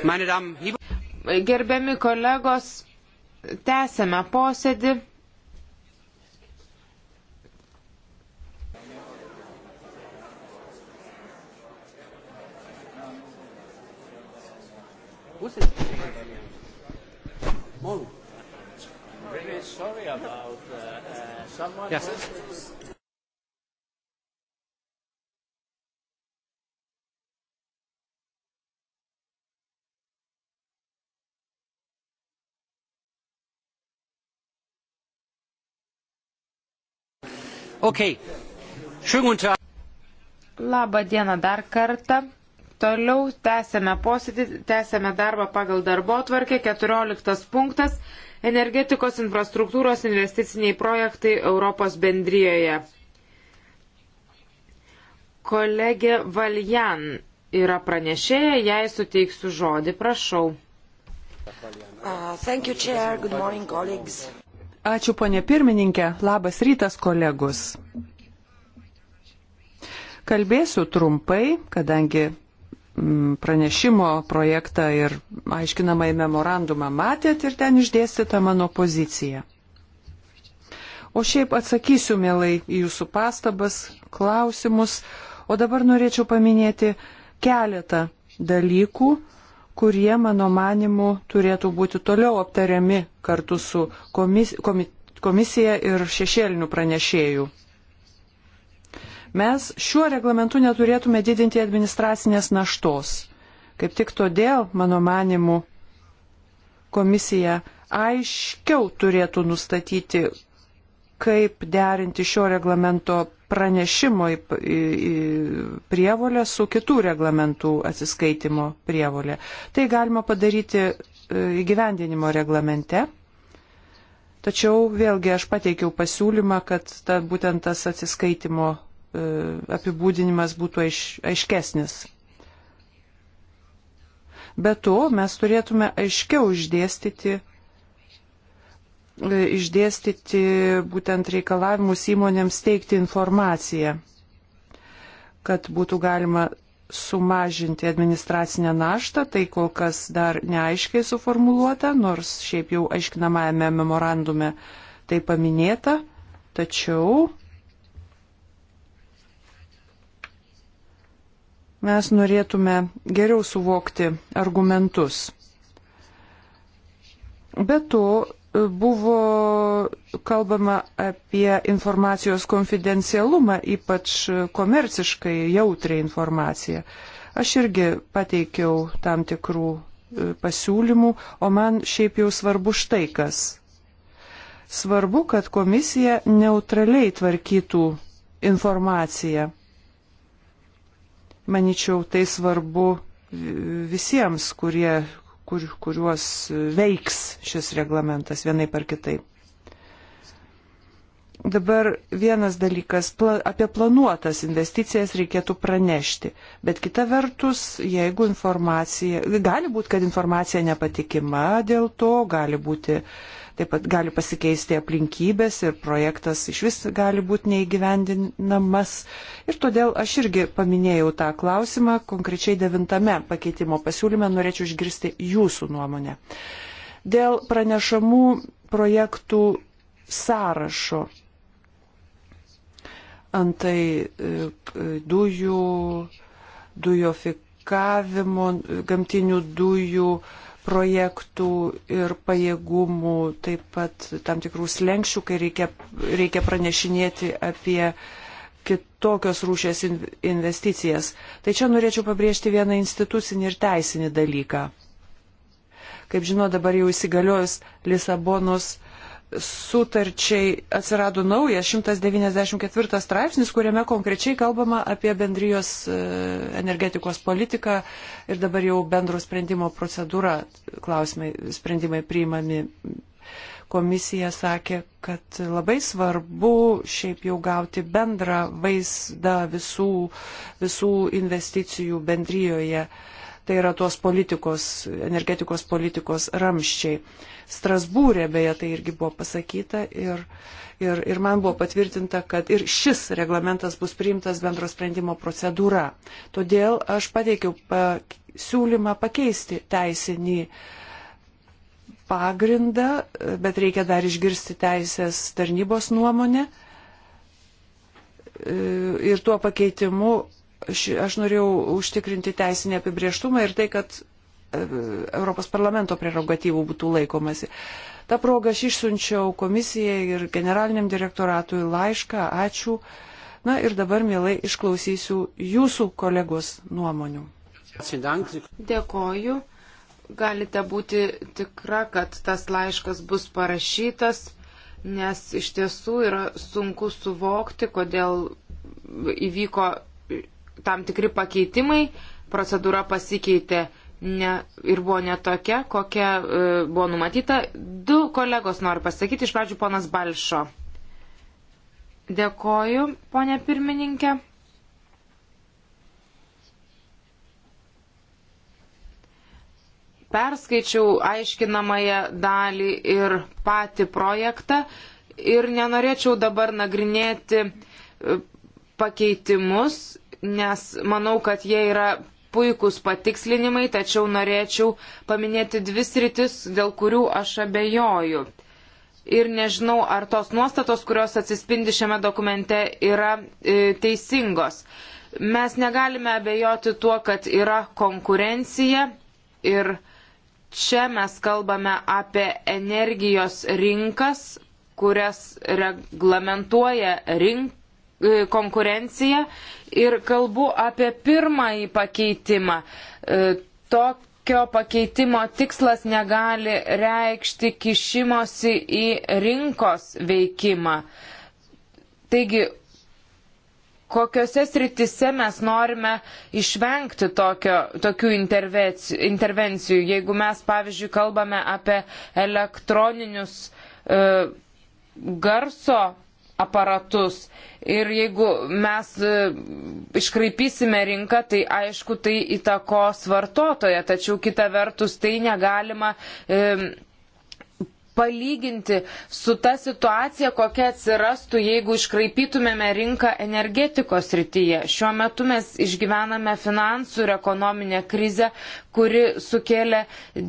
Gerbiami kolegos, tęsėme posėdį. Uh, uh, yes. Okay. Labą dieną dar kartą. Toliau tęsėme posėdį, tęsėme darbą pagal darbo tvarkę. 14 punktas - energetikos infrastruktūros investiciniai projektai Europos bendrijoje. Kolegė Valjan yra pranešėja, jai suteiksiu žodį, prašau. Uh, you, morning, Ačiū ponė pirmininkė, labas rytas kolegus. Kalbėsiu trumpai, kadangi mm, pranešimo projektą ir aiškinamąjį memorandumą matėt ir ten išdėstyta mano pozicija. O šiaip atsakysiu mielai į jūsų pastabas, klausimus, o dabar norėčiau paminėti keletą dalykų, kurie, mano manimu, turėtų būti toliau aptariami kartu su komis, komi, komisija ir šešėlinių pranešėjų. Mes šiuo reglamentu neturėtume didinti administracinės naštos. Kaip tik todėl, mano manimu, komisija aiškiau turėtų nustatyti, kaip derinti šio reglamento pranešimo prievolę su kitų reglamentų atsiskaitimo prievolė. Tai galima padaryti e, įgyvendinimo reglamente. Tačiau vėlgi aš pateikiau pasiūlymą, kad ta, būtent tas atsiskaitimo e, apibūdinimas būtų aiš, aiškesnis. Be to, mes turėtume aiškiau išdėstyti E, išdėstyti būtent reikalavimus įmonėms teikti informaciją, kad būtų galima sumažinti administracinę naštą, tai kol kas dar neaiškiai suformuluota, nors šiaip jau aiškinamajame memorandume tai paminėta, tačiau mes norėtume geriau suvokti argumentus. Be to, buvo kalbama apie informacijos konfidencialumą, ypač komerciškai jautrį informaciją. Aš irgi pateikiau tam tikrų e, pasiūlymų, o man šiaip jau svarbu štai kas. Svarbu, kad komisija neutraliai tvarkytų informaciją. Maničiau, tai svarbu visiems, kurie, kur, kuriuos veiks šis reglamentas vienai par kitaip. Dabar vienas dalykas, pla, apie planuotas investicijas reikėtų pranešti, bet kita vertus, jeigu informacija, gali būti, kad informacija nepatikima dėl to, gali būti uh, Taip pat gali pasikeisti aplinkybės ir projektas iš vis gali būti neįgyvendinamas. Ir todėl aš irgi paminėjau tą klausimą, konkrečiai devintame pakeitimo pasiūlyme norėčiau išgirsti jūsų nuomonę. Dėl pranešamų projektų sąrašo antai e, dujų, dujofikavimo, gamtinių dujų, projektų ir pajėgumų, taip pat tam tikrų slengščių, kai reikia, reikia pranešinėti apie kitokios rūšės investicijas. Tai čia norėčiau pabrėžti vieną institucinį ir teisinį dalyką. Kaip žinot, dabar jau įsigaliojus Lisabonos sutarčiai atsirado naujas 194 straipsnis, kuriame konkrečiai kalbama apie bendrijos e, energetikos politiką ir dabar jau bendro sprendimo procedūra, klausimai, sprendimai priimami. Komisija sakė, kad labai svarbu šiaip jau gauti bendrą vaizdą visų, visų investicijų bendryjoje. Uh, Tai yra tuos politikos, energetikos politikos ramščiai. Strasbūrė beje tai irgi buvo pasakyta ir, ir, ir man buvo patvirtinta, kad ir šis reglamentas bus priimtas bendro sprendimo procedūra. Todėl aš pateikiau siūlymą pakeisti teisinį pagrindą, bet reikia dar išgirsti teisės tarnybos nuomonę. Ir tuo pakeitimu aš norėjau užtikrinti teisinį apibrieštumą ir tai, kad e, Europos parlamento prerogatyvų būtų laikomasi. Ta proga aš išsiunčiau komisijai ir generaliniam direktoratui laišką, ačiū. Na ir dabar mielai išklausysiu jūsų kolegos nuomonių. Dėkoju. Galite būti tikra, kad tas laiškas bus parašytas, nes iš tiesų yra sunku suvokti, kodėl įvyko tam tikri pakeitimai, procedūra pasikeitė ne, ir buvo netokia, kokia e, buvo numatyta. Du kolegos noriu pasakyti, iš pradžių ponas Balšo. Dėkoju, ponė pirmininkė. Perskaičiau aiškinamąją dalį ir patį projektą ir nenorėčiau dabar nagrinėti e, pakeitimus nes manau, kad jie yra puikūs patikslinimai, tačiau norėčiau paminėti dvi sritis, dėl kurių aš abejoju. Ir nežinau, ar tos nuostatos, kurios atsispindi šiame dokumente, yra e, teisingos. Mes negalime abejoti tuo, kad yra konkurencija ir čia mes kalbame apie energijos rinkas, kurias reglamentuoja rink, E, konkurenciją ir kalbu apie pirmąjį pakeitimą. E, tokio pakeitimo tikslas negali reikšti kišimosi į rinkos veikimą. Taigi, kokiuose sritise mes norime išvengti tokio, tokių intervencijų, intervencijų, jeigu mes, pavyzdžiui, kalbame apie elektroninius e, garso aparatus. Ir jeigu mes e, iškraipysime rinką, tai aišku, tai įtakos vartotoje, tačiau kita vertus tai negalima. E, palyginti su ta situacija, kokia atsirastų, jeigu iškraipytumėme rinką energetikos rytyje. Šiuo metu mes išgyvename finansų ir ekonominę krizę, kuri sukėlė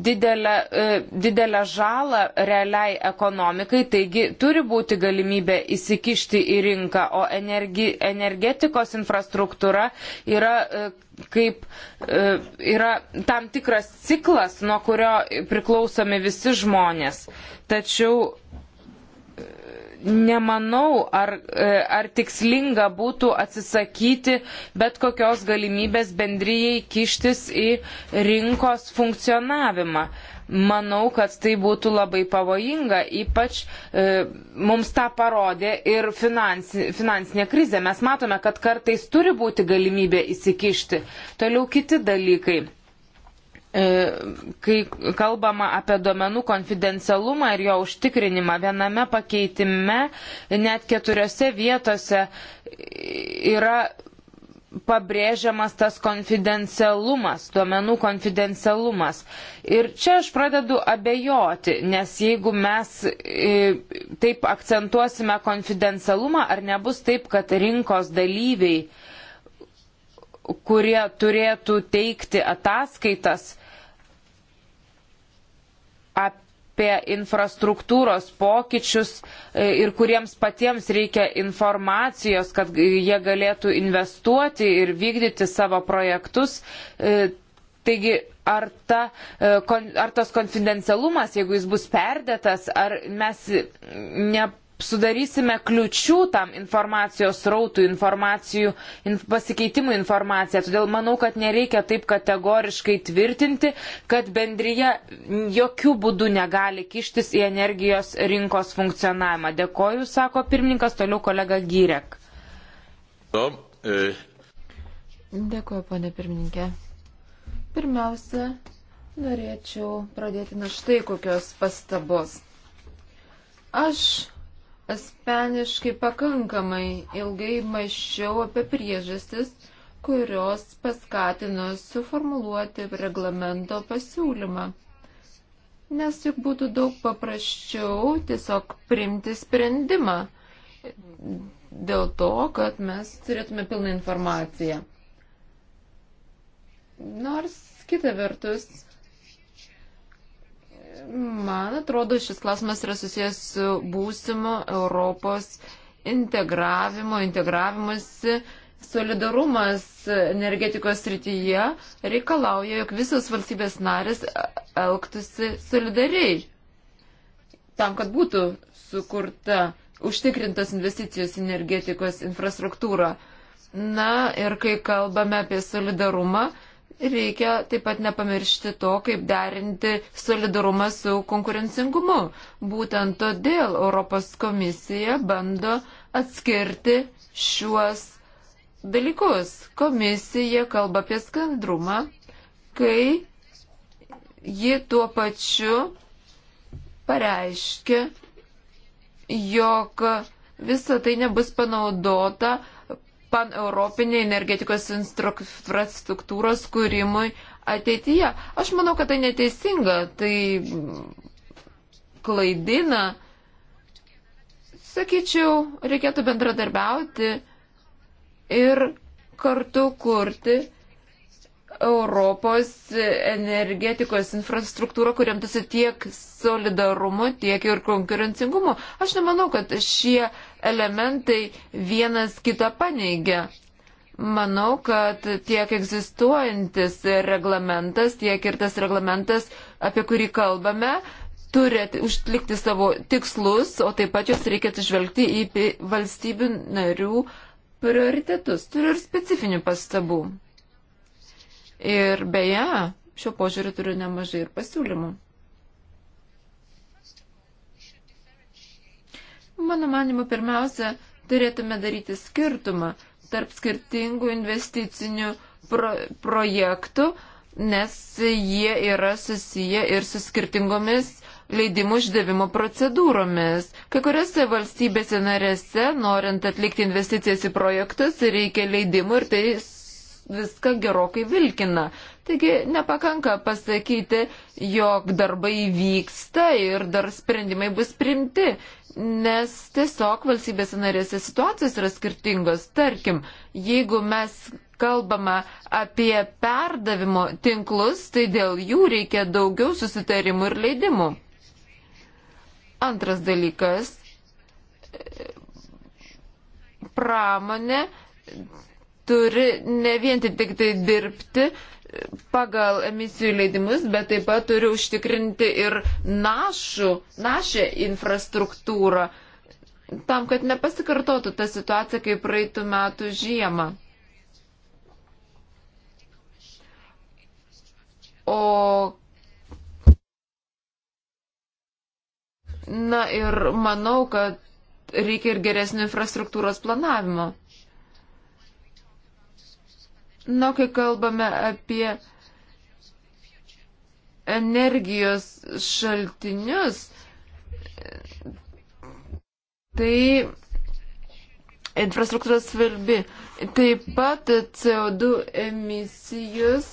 didelę, e, didelę žalą realiai ekonomikai, taigi turi būti galimybė įsikišti į rinką, o energi, energetikos infrastruktūra yra e, kaip e, yra tam tikras ciklas, nuo kurio priklausomi visi žmonės. Tačiau e, nemanau, ar, e, ar tikslinga būtų atsisakyti bet kokios galimybės bendryjei kištis į rinkos funkcionavimą. E, manau, kad tai būtų labai pavojinga, ypač e, mums tą parodė ir finans, finansinė krizė. Mes matome, kad kartais turi būti galimybė įsikišti. Toliau kiti dalykai. E, kai kalbama apie duomenų konfidencialumą ir jo užtikrinimą, viename pakeitime net keturiose vietose yra pabrėžiamas tas konfidencialumas, duomenų konfidencialumas. Ir čia aš pradedu abejoti, nes jeigu mes e, taip akcentuosime konfidencialumą, ar nebus taip, kad rinkos dalyviai, kurie turėtų teikti ataskaitas, apie infrastruktūros pokyčius e, ir kuriems patiems reikia informacijos, kad jie galėtų investuoti ir vykdyti savo projektus. E, taigi, ar, ta, e, ar tas konfidencialumas, jeigu jis bus perdėtas, ar mes ne sudarysime kliučių tam informacijos rautų, informacijų inf, pasikeitimų informaciją. Todėl manau, kad nereikia taip kategoriškai tvirtinti, kad bendryje jokių būdų negali kištis į energijos rinkos funkcionavimą. Dėkoju, sako pirmininkas, toliau kolega Gyrek. No, e... Dėkoju, ponė pirmininkė. Pirmiausia, norėčiau pradėti nuo štai kokios pastabos. Aš asmeniškai pakankamai ilgai maščiau apie priežastis, kurios paskatino suformuluoti reglamento pasiūlymą. Nes juk būtų daug paprasčiau tiesiog priimti sprendimą dėl to, kad mes turėtume pilną informaciją. Nors kita vertus, Man atrodo, šis klausimas yra susijęs su būsimo Europos integravimo, integravimuose. Solidarumas energetikos srityje reikalauja, jog visos valstybės narės elgtųsi solidariai tam, kad būtų sukurta užtikrintos investicijos energetikos infrastruktūra. Na ir kai kalbame apie solidarumą, Reikia taip pat nepamiršti to, kaip derinti solidarumą su konkurencingumu. Būtent todėl Europos komisija bando atskirti šiuos dalykus. Komisija kalba apie skandrumą, kai ji tuo pačiu pareiškia, jog visa tai nebus panaudota paneuropinė energetikos infrastruktūros kūrimui ateityje. Aš manau, kad tai neteisinga, tai klaidina. Sakyčiau, reikėtų bendradarbiauti ir kartu kurti Europos energetikos infrastruktūrą, kuriamtasi tiek solidarumu, tiek ir konkurencingumu. Aš nemanau, kad šie elementai vienas kitą paneigia. Manau, kad tiek egzistuojantis reglamentas, tiek ir tas reglamentas, apie kurį kalbame, turi užlikti savo tikslus, o taip pat juos reikia atsižvelgti į valstybių narių prioritetus. Turiu ir specifinių pastabų. Ir beje, šio požiūriu turiu nemažai ir pasiūlymų. Mano manimu, pirmiausia, turėtume daryti skirtumą tarp skirtingų investicinių pro projektų, nes jie yra susiję ir su skirtingomis leidimų išdavimo procedūromis. Kai kuriuose valstybėse narėse, norint atlikti investicijas į projektus, reikia leidimų ir tai viską gerokai vilkina. Taigi nepakanka pasakyti, jog darbai vyksta ir dar sprendimai bus primti nes tiesiog valstybėse narėse situacijos yra skirtingos. Tarkim, jeigu mes kalbama apie perdavimo tinklus, tai dėl jų reikia daugiau susitarimų ir leidimų. Antras dalykas - pramonė turi ne vien tik tai dirbti pagal emisijų leidimus, bet taip pat turi užtikrinti ir našų, našę infrastruktūrą, tam, kad nepasikartotų ta situacija kaip praeitų metų žiemą. O Na ir manau, kad reikia ir geresnio infrastruktūros planavimo. Nu, kai kalbame apie energijos šaltinius, tai infrastruktūra svarbi. Taip pat CO2 emisijos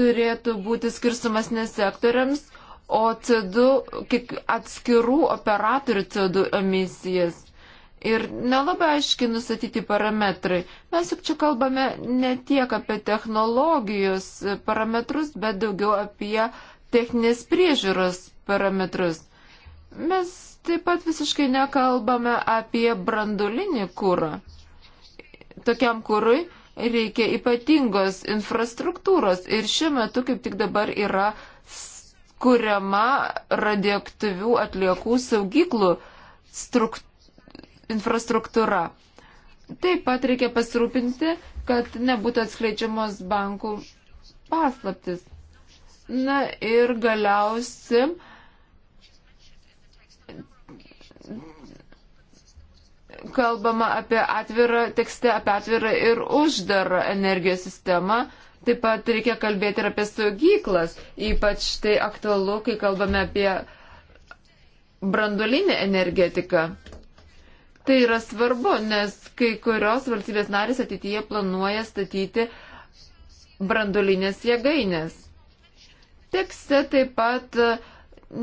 turėtų būti skirstumas ne sektoriams, o CO2 atskirų operatorių CO2 emisijas ir nelabai aiškiai nusatyti parametrai. Mes juk čia kalbame ne tiek apie technologijos parametrus, bet daugiau apie techninės priežiūros parametrus. Mes taip pat visiškai nekalbame apie brandulinį kūrą. Tokiam kūrui reikia ypatingos infrastruktūros ir šiuo metu kaip tik dabar yra kuriama radioaktyvių atliekų saugyklų struktūra infrastruktūra. Taip pat reikia pasirūpinti, kad nebūtų atskleidžiamos bankų paslaptis. Na ir galiausi. Kalbama apie atvirą tekste, apie atvirą ir uždarą energijos sistemą. Taip pat reikia kalbėti ir apie saugyklas, ypač tai aktualu, kai kalbame apie branduolinę energetiką. Tai yra svarbu, nes kai kurios valstybės narės ateityje planuoja statyti brandolinės jėgainės. Tekste taip pat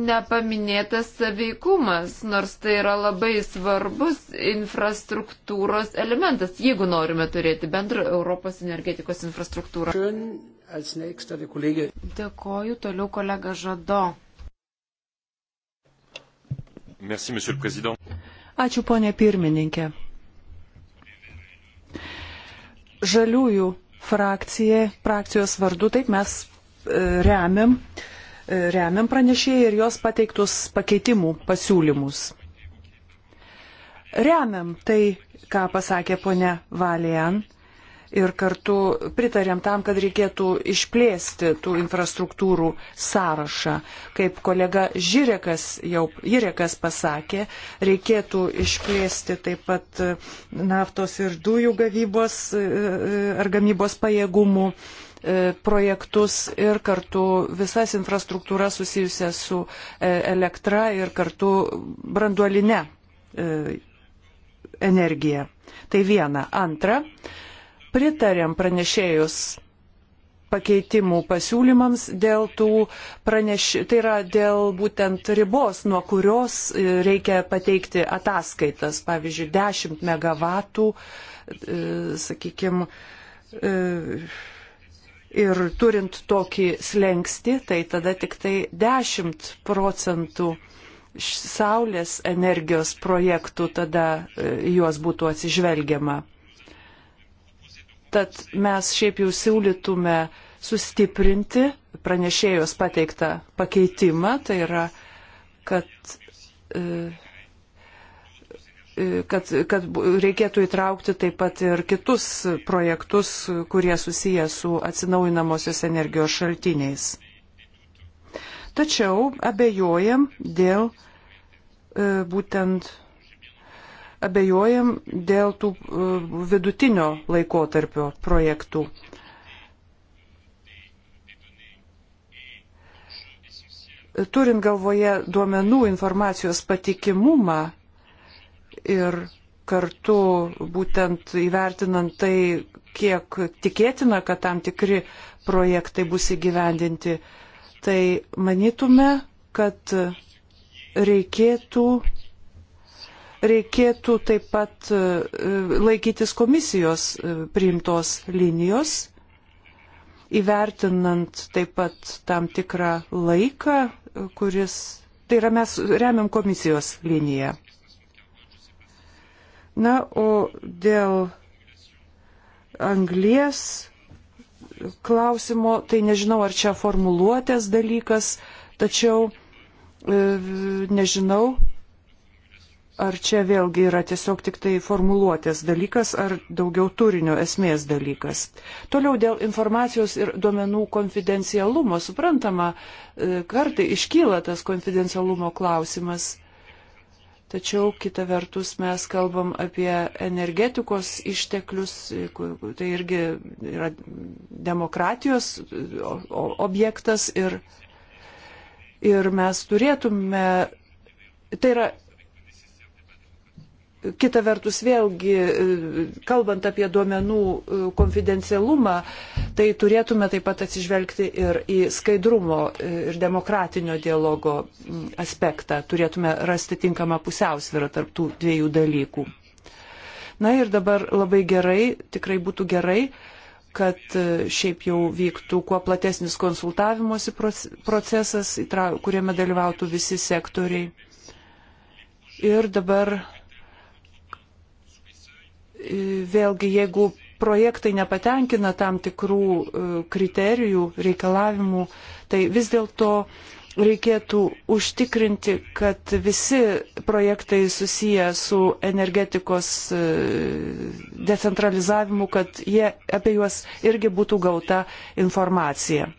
nepaminėtas saveikumas, nors tai yra labai svarbus infrastruktūros elementas, jeigu norime turėti bendrą Europos energetikos infrastruktūrą. Dėkoju toliau kolega Žado. Merci, Ačiū, ponė pirmininkė. Žaliųjų frakcija, frakcijos vardu, taip mes e, remiam, e, remiam pranešėjai ir jos pateiktus pakeitimų pasiūlymus. Remiam tai, ką pasakė ponia Valian ir kartu pritarėm tam, kad reikėtų išplėsti tų infrastruktūrų sąrašą. Kaip kolega Žirekas jau Jirekas pasakė, reikėtų išplėsti taip pat e, naftos ir dujų gavybos e, e, ar gamybos pajėgumų projektus ir kartu visas infrastruktūras susijusias su elektra ir kartu branduolinė energija. Tai viena. Antra, pritarėm pranešėjus pakeitimų pasiūlymams dėl tų pranešimų, tai yra dėl būtent ribos, nuo kurios e, reikia pateikti ataskaitas, pavyzdžiui, 10 MW, sakykime, ir turint tokį slengsti, tai tada tik tai 10 procentų saulės energijos projektų tada e, juos būtų atsižvelgiama. Tad mes šiaip jau siūlytume sustiprinti pranešėjos pateiktą pakeitimą, tai yra, kad, e, e, kad, kad reikėtų įtraukti taip pat ir kitus projektus, kurie susiję su atsinaujinamosios energijos šaltiniais. Tačiau abejojam dėl e, būtent abejojam dėl tų e, vidutinio laikotarpio projektų. Turint galvoje duomenų informacijos patikimumą ir kartu būtent įvertinant tai, kiek tikėtina, kad tam tikri projektai bus įgyvendinti, tai manytume, kad reikėtų reikėtų taip pat e, laikytis komisijos e, priimtos linijos, įvertinant taip pat tam tikrą laiką, e, kuris, tai yra mes remiam komisijos liniją. Na, o dėl anglies klausimo, tai nežinau, ar čia formuluotės dalykas, tačiau nežinau, Ar čia vėlgi yra tiesiog tik tai formuluotės dalykas, ar daugiau turinio esmės dalykas? Toliau dėl informacijos ir duomenų konfidencialumo, suprantama, e, kartai iškyla tas konfidencialumo klausimas. Tačiau kita vertus mes kalbam apie energetikos išteklius, e, tai irgi yra demokratijos objektas ir, ir mes turėtume, tai yra Kita vertus, vėlgi, e, kalbant apie duomenų e, konfidencialumą, tai turėtume taip pat atsižvelgti ir į skaidrumo e, ir demokratinio dialogo aspektą. Turėtume rasti tinkamą pusiausvyrą tarptų dviejų dalykų. Na ir dabar labai gerai, tikrai būtų gerai, kad šiaip jau vyktų kuo platesnis konsultavimosi procesas, kuriame dalyvautų visi sektoriai. Ir dabar vėlgi, jeigu projektai nepatenkina tam tikrų e, kriterijų, reikalavimų, tai vis dėlto reikėtų užtikrinti, kad visi projektai susiję su energetikos e, decentralizavimu, kad jie, apie juos irgi būtų gauta informacija.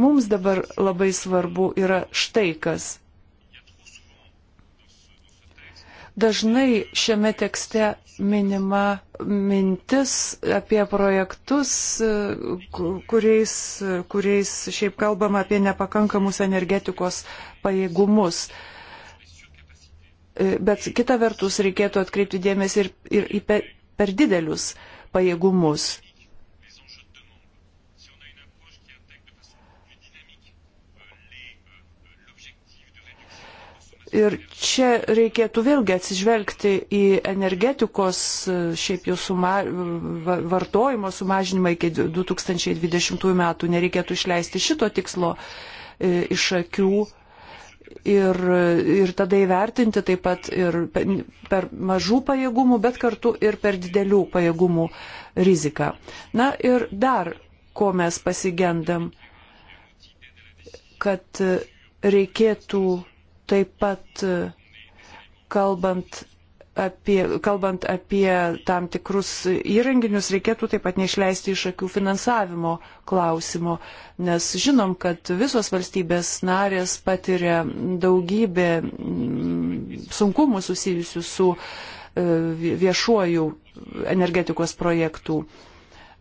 Mums dabar labai svarbu yra štai kas. Dažnai šiame tekste minima mintis apie projektus, kuriais, kuriais šiaip kalbama apie nepakankamus energetikos pajėgumus. E, bet kita vertus reikėtų atkreipti dėmesį ir, ir į per didelius pajėgumus. Ir čia reikėtų vėlgi atsižvelgti į energetikos šiaip jau suma, vartojimo sumažinimą iki 2020 metų. Nereikėtų išleisti šito tikslo e, iš akių. Ir, ir tada įvertinti taip pat ir per mažų pajėgumų, bet kartu ir per didelių pajėgumų riziką. Na ir dar, ko mes pasigendam, kad reikėtų Taip pat e, kalbant apie, kalbant apie tam tikrus įrenginius, reikėtų taip pat neišleisti iš akių finansavimo klausimo, nes žinom, kad visos valstybės narės patiria daugybę mm, sunkumų susijusių su e, viešuoju energetikos projektų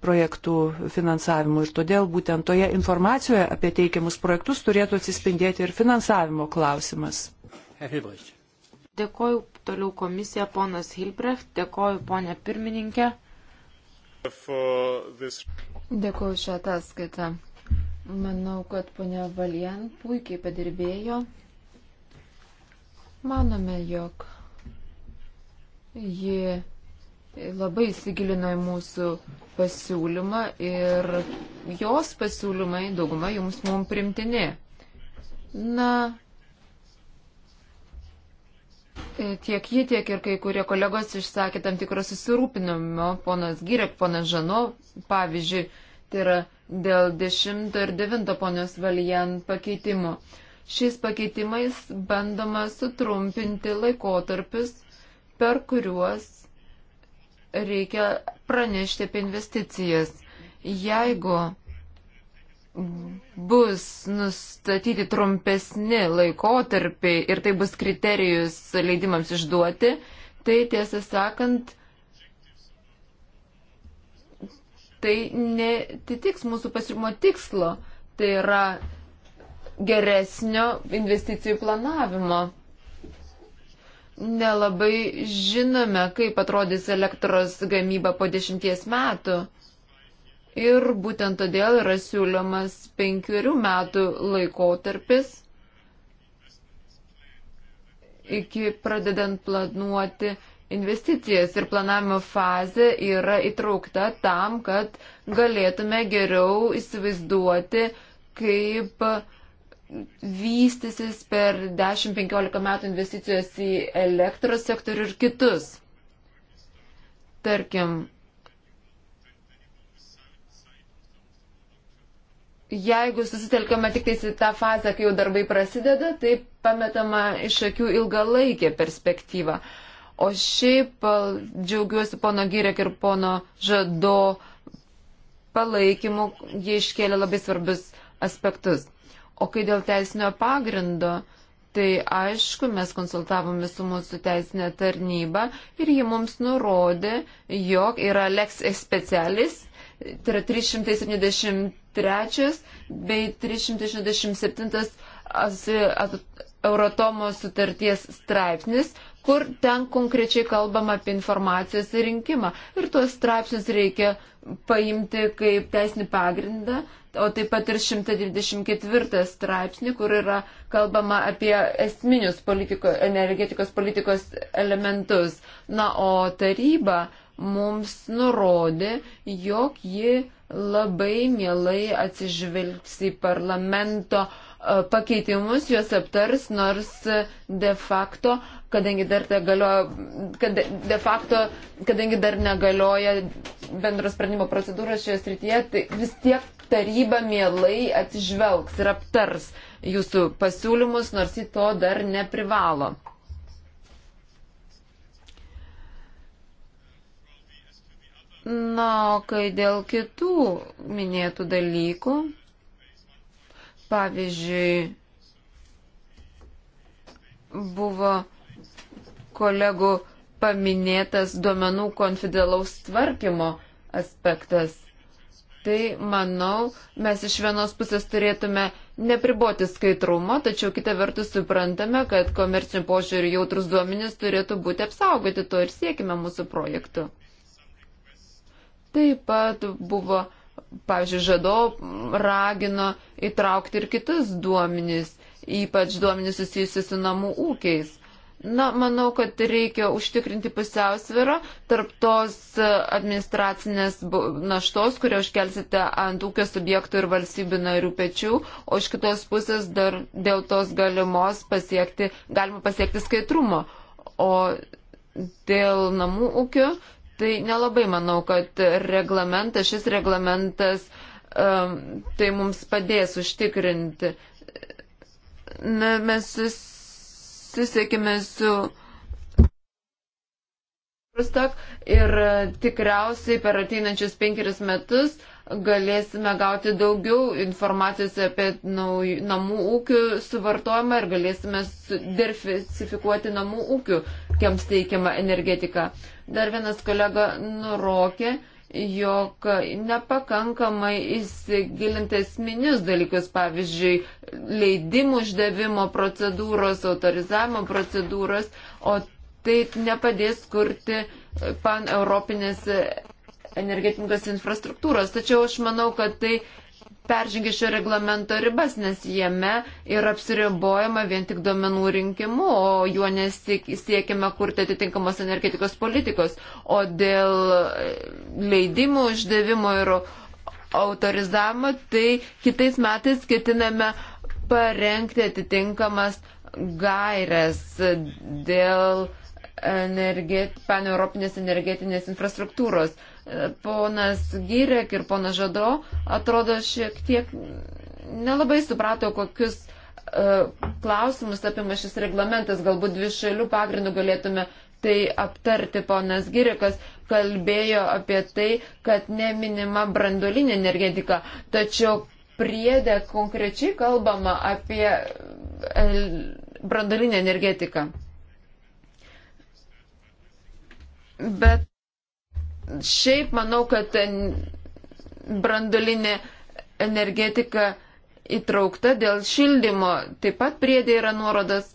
projektų finansavimu. Ir todėl būtent toje informacijoje apie teikiamus projektus turėtų atsispindėti ir finansavimo klausimas. Dėkoju toliau komisija, ponas Hilbrecht, dėkoju ponė pirmininkė. This... Dėkoju šią ataskaitą. Manau, kad ponia Valien puikiai padirbėjo. Manome, jog ji labai įsigilino į mūsų pasiūlymą ir jos pasiūlymai, dauguma jums mums primtini. Na, e, Tiek ji, tiek ir kai kurie kolegos išsakė tam tikrą susirūpinimą, ponas Gyrek, ponas Žano, pavyzdžiui, tai yra dėl 10 ir 9 ponios Valijan pakeitimo. Šiais pakeitimais bandoma sutrumpinti laikotarpius, per kuriuos reikia pranešti apie investicijas. Jeigu bus nustatyti trumpesni laikotarpiai ir tai bus kriterijus leidimams išduoti, tai tiesą sakant, tai netitiks mūsų pasirimo tikslo, tai yra geresnio investicijų planavimo nelabai žinome, kaip atrodys elektros gamyba po dešimties metų. Ir būtent todėl yra siūlomas penkerių metų laikotarpis iki pradedant planuoti investicijas ir planavimo fazė yra įtraukta tam, kad galėtume geriau įsivaizduoti, kaip uh, vystysis per 10-15 metų investicijos į elektros sektorių ir kitus. Tarkim, jeigu susitelkiama tik tais į tą fazę, kai jau darbai prasideda, tai pametama iš akių ilgalaikė perspektyva. O šiaip e, džiaugiuosi pono Gyrek ir pono Žado palaikymu, jie iškėlė labai svarbius aspektus. O kai dėl teisinio pagrindo, tai aišku, mes konsultavome su mūsų teisinė tarnyba ir ji mums nurodė, jog yra lex specialis, tai yra 373 bei 367 Euratomo sutarties straipsnis, kur ten konkrečiai kalbama apie informacijos rinkimą. Ir tuos straipsnius reikia paimti kaip teisinį pagrindą o taip pat ir 124 straipsnį, kur yra kalbama apie esminius politiko, energetikos politikos elementus. Na, o taryba mums nurodė, jog ji labai mielai atsižvelgs į parlamento uh, E, pakeitimus, juos aptars, nors e, de facto, kadangi dar, galioja, kad de facto, kadangi dar negalioja bendros sprendimo procedūros šioje srityje, tai vis tiek taryba mielai atsižvelgs ir aptars jūsų pasiūlymus, nors į to dar neprivalo. Na, kai dėl kitų minėtų dalykų, Pavyzdžiui, buvo kolegų paminėtas duomenų konfidelaus tvarkymo aspektas. Tai, manau, mes iš vienos pusės turėtume nepriboti skaidrumo, tačiau kitą vertus suprantame, kad komercinių požiūrių jautrus duomenys turėtų būti apsaugoti, to ir siekime mūsų projektu. Taip pat buvo Pavyzdžiui, Žado ragino įtraukti ir kitus duomenys, ypač duomenys susijusius su namų ūkiais. Na, manau, kad reikia užtikrinti pusiausvyrą tarp tos administracinės naštos, kurią užkelsite ant ūkio subjektų ir valstybių narių pečių, o iš kitos pusės dar dėl tos galimos pasiekti, galima pasiekti skaidrumo. O dėl namų ūkio tai nelabai manau, kad reglamentas, šis reglamentas um, tai mums padės užtikrinti. Na, mes susisiekime su. Ir tikriausiai per ateinančius penkerius metus galėsime gauti daugiau informacijos apie nauj, namų ūkių suvartojimą ir galėsime diversifikuoti namų ūkių jiems teikiama energetika. Dar vienas kolega nurokė, jog nepakankamai įsigilinti esminius dalykus, pavyzdžiui, leidimų uždavimo procedūros, autorizavimo procedūros, o tai nepadės kurti pan-europinės energetikos infrastruktūros. Tačiau aš manau, kad tai peržengė šio reglamento ribas, nes jame yra apsiribojama vien tik duomenų rinkimu, o juo nesiekime kurti atitinkamos energetikos politikos. O dėl e, leidimų išdavimo ir autorizavimo, tai kitais metais ketiname parengti atitinkamas gairias dėl energet, paneuropinės energetinės infrastruktūros ponas Girek ir ponas Žado atrodo šiek tiek nelabai suprato, kokius uh, klausimus apima šis reglamentas, galbūt dvi šalių pagrindų galėtume tai aptarti. Ponas Girikas kalbėjo apie tai, kad neminima brandolinė energetika, tačiau priedė konkrečiai kalbama apie e, brandolinę energetiką. Bet Šiaip manau, kad brandolinė energetika įtraukta dėl šildymo. Taip pat priedė yra nuorodas.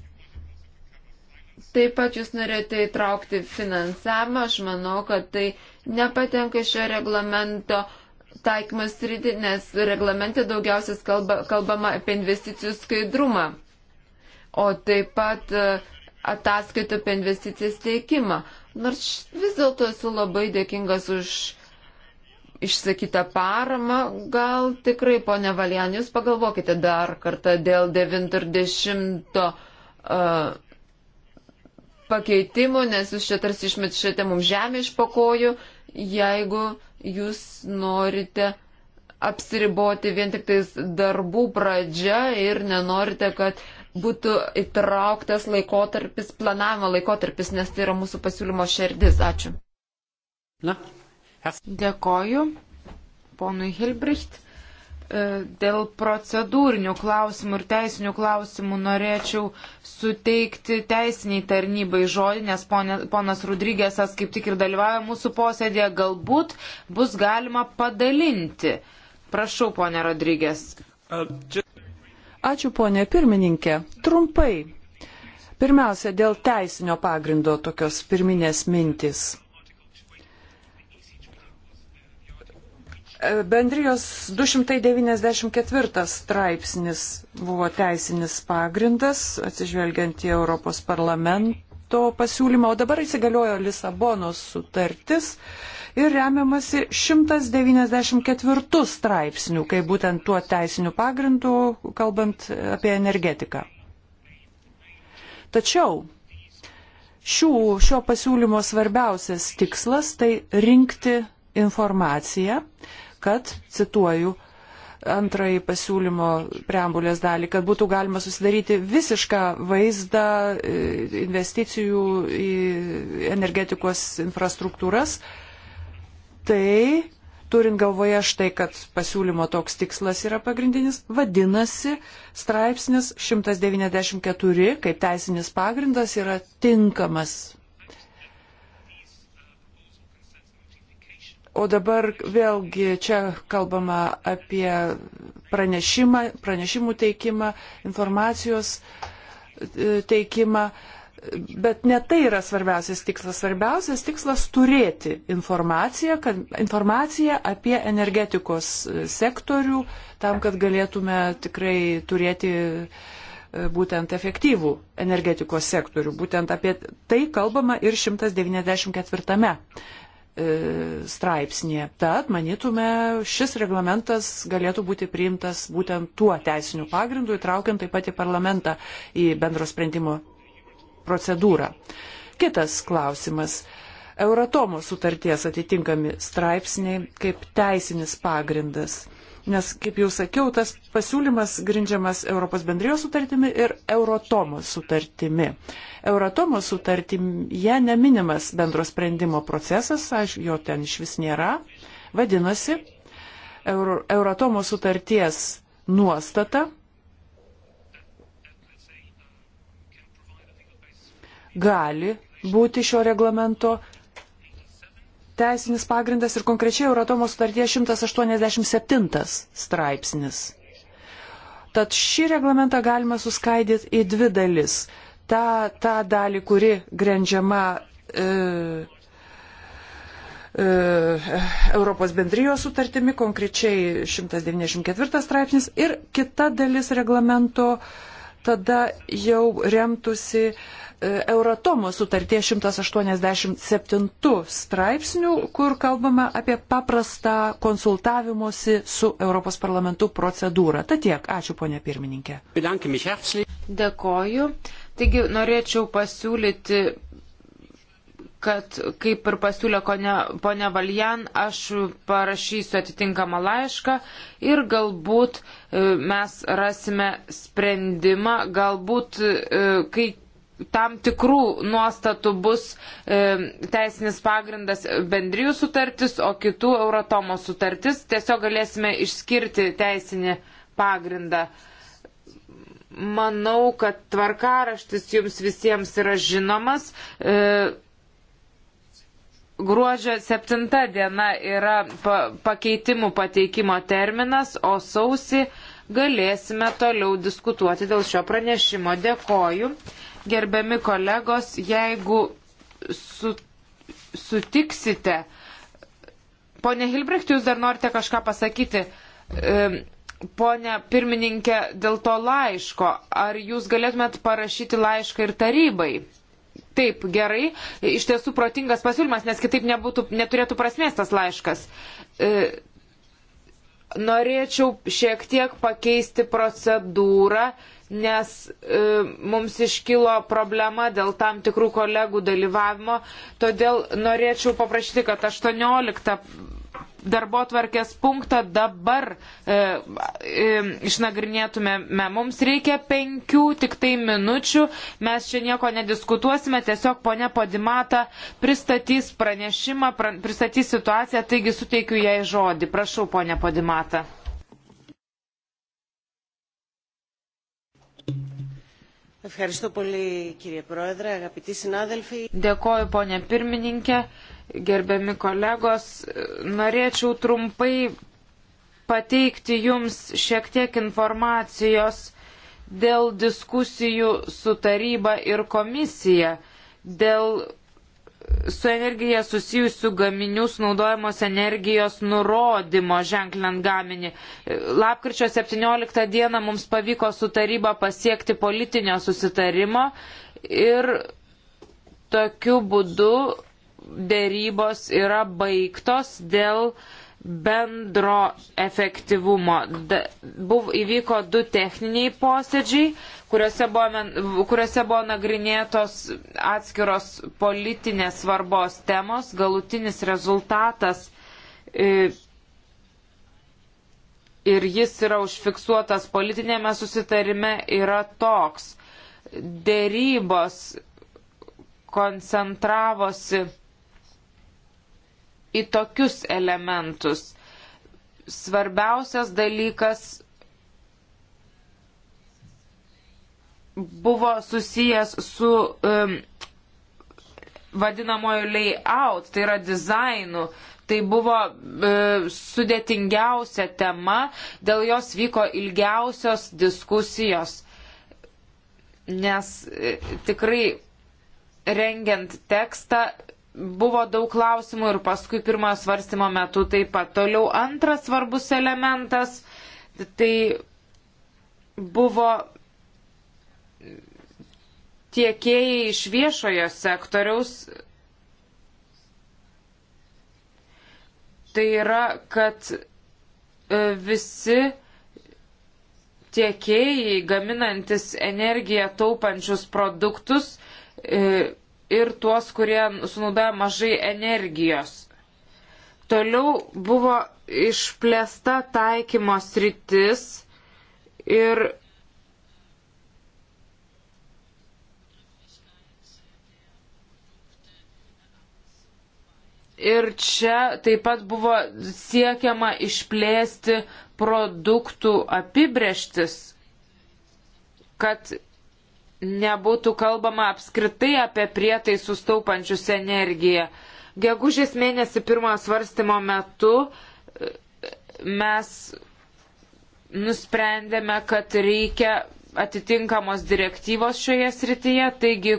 Taip pat jūs norėjote įtraukti finansavimą. Aš manau, kad tai nepatenka šio reglamento taikymas rytį, nes reglamente daugiausias kalba, kalbama apie investicijų skaidrumą. O taip pat e, ataskaitų apie investicijas teikimą. Nors vis dėlto esu labai dėkingas už išsakytą paramą. Gal tikrai, ponė Valian, jūs pagalvokite dar kartą dėl 9 ir 10 uh, pakeitimų, nes jūs čia tarsi išmetšėte mums žemę iš pokojų, jeigu jūs norite apsiriboti vien tik tais darbų pradžia ir nenorite, kad būtų įtrauktas laikotarpis, planavimo laikotarpis, nes tai yra mūsų pasiūlymo šerdis. Ačiū. Na, has... Dėkoju ponui Hilbricht. E, dėl procedūrinių klausimų ir teisinių klausimų norėčiau suteikti teisiniai tarnybai žodį, nes ponas Rudrygėsas kaip tik ir dalyvauja mūsų posėdėje, galbūt bus galima padalinti. Prašau, ponė Rodrygės. Uh, just... Ačiū, ponė pirmininkė. Trumpai. Pirmiausia, dėl teisinio pagrindo tokios pirminės mintis. E, bendrijos 294 straipsnis buvo teisinis pagrindas, atsižvelgiant į Europos parlamento pasiūlymą, o dabar įsigaliojo Lisabonos sutartis ir remiamasi 194 straipsnių, kai būtent tuo teisiniu pagrindu, kalbant apie energetiką. Tačiau šių, šio pasiūlymo svarbiausias tikslas tai rinkti informaciją, kad, cituoju, antrąjį pasiūlymo preambulės dalį, kad būtų galima susidaryti visišką vaizdą e, investicijų į energetikos infrastruktūras tai, turint galvoje štai, kad pasiūlymo toks tikslas yra pagrindinis, vadinasi, straipsnis 194 kaip teisinis pagrindas yra tinkamas. O dabar vėlgi čia kalbama apie pranešimą, pranešimų teikimą, informacijos e, teikimą. Bet ne tai yra svarbiausias tikslas. Svarbiausias tikslas turėti informaciją, kad, informaciją apie energetikos e, sektorių, tam, kad galėtume tikrai turėti e, būtent efektyvų energetikos sektorių. Būtent apie tai kalbama ir 194 e, straipsnėje. Tad, manytume, šis reglamentas galėtų būti priimtas būtent tuo teisiniu pagrindu, įtraukiant taip pat į parlamentą į bendro sprendimo procedūrą. Kitas klausimas. Euratomo sutarties atitinkami straipsniai kaip teisinis pagrindas. Nes, kaip jau sakiau, tas pasiūlymas grindžiamas Europos bendrijos sutartimi ir Euratomo sutartimi. Euratomo sutartimje neminimas bendro sprendimo procesas, aš jo ten iš vis nėra. Vadinasi, Euro, Euratomo sutarties nuostata gali būti šio reglamento teisinis pagrindas ir konkrečiai Euratomo sutarties 187 straipsnis. Tad šį reglamentą galima suskaidyti į dvi dalis. Ta, ta dalį, kuri grendžiama e, e, Europos bendrijos sutartimi, konkrečiai 194 straipsnis, ir kita dalis reglamento e, tada jau remtusi e, Euratomo sutarties 187 straipsnių, kur kalbama apie paprastą konsultavimosi su Europos parlamentu procedūrą. Ta tiek. Ačiū, ponė pirmininkė. Dėkoju. Taigi norėčiau pasiūlyti kad, kaip ir pasiūlė ponia Valjan, aš parašysiu atitinkamą laišką ir galbūt e, mes rasime sprendimą, galbūt e, kai tam tikrų nuostatų bus e, teisinis pagrindas bendrijų sutartis, o kitų Euratomo sutartis, tiesiog galėsime išskirti teisinį pagrindą. Manau, kad tvarkaraštis jums visiems yra žinomas. E, Gruodžio 7 diena yra pa pakeitimų pateikimo terminas, o sausį galėsime toliau diskutuoti dėl šio pranešimo. Dėkoju. Gerbiami kolegos, jeigu su, sutiksite, ponė Hilbrecht, jūs dar norite kažką pasakyti. E, Pone pirmininkė, dėl to laiško, ar jūs galėtumėt parašyti laišką ir tarybai? taip gerai, iš tiesų protingas pasiūlymas, nes kitaip nebūtų, neturėtų prasmės tas laiškas. E, norėčiau šiek tiek pakeisti procedūrą, nes e, mums iškilo problema dėl tam tikrų kolegų dalyvavimo, todėl norėčiau paprašyti, kad 18 darbo tvarkės punktą dabar e, e, išnagrinėtumėme. Mums reikia penkių tik tai minučių. Mes čia nieko nediskutuosime. Tiesiog ponia Podimata pristatys pranešimą, pra, pristatys situaciją. Taigi suteikiu jai žodį. Prašau, ponia Podimata. Dėkoju, ponė pirmininkė gerbiami kolegos, norėčiau trumpai pateikti Jums šiek tiek informacijos dėl diskusijų su taryba ir komisija, dėl su energija susijusių gaminių sunaudojamos energijos nurodymo ženklinant gaminį. Lapkričio 17 dieną mums pavyko su taryba pasiekti politinio susitarimo ir tokiu būdu dėrybos yra baigtos dėl bendro efektyvumo. Da, buv, įvyko du techniniai posėdžiai, kuriuose buvo, kuriuose buvo nagrinėtos atskiros politinės svarbos temos. Galutinis rezultatas e, ir jis yra užfiksuotas politinėme susitarime yra toks. Dėrybos koncentravosi į tokius elementus. Svarbiausias dalykas buvo susijęs su um, vadinamoju layout, tai yra dizainu. Tai buvo e, sudėtingiausia tema, dėl jos vyko ilgiausios diskusijos, nes e, tikrai rengiant tekstą buvo daug klausimų ir paskui pirmojo svarstymo metu taip pat. Toliau antras svarbus elementas tai buvo tiekėjai iš viešojo sektoriaus. Tai yra, kad e, visi tiekėjai gaminantis energiją taupančius produktus e, ir tuos, kurie sunaudoja mažai energijos. Toliau buvo išplėsta taikymo sritis ir Ir čia taip pat buvo siekiama išplėsti produktų apibrieštis, kad nebūtų kalbama apskritai apie prietaisus taupančius energiją. Gegužės mėnesį pirmojo svarstymo metu e, mes nusprendėme, kad reikia atitinkamos direktyvos šioje srityje, taigi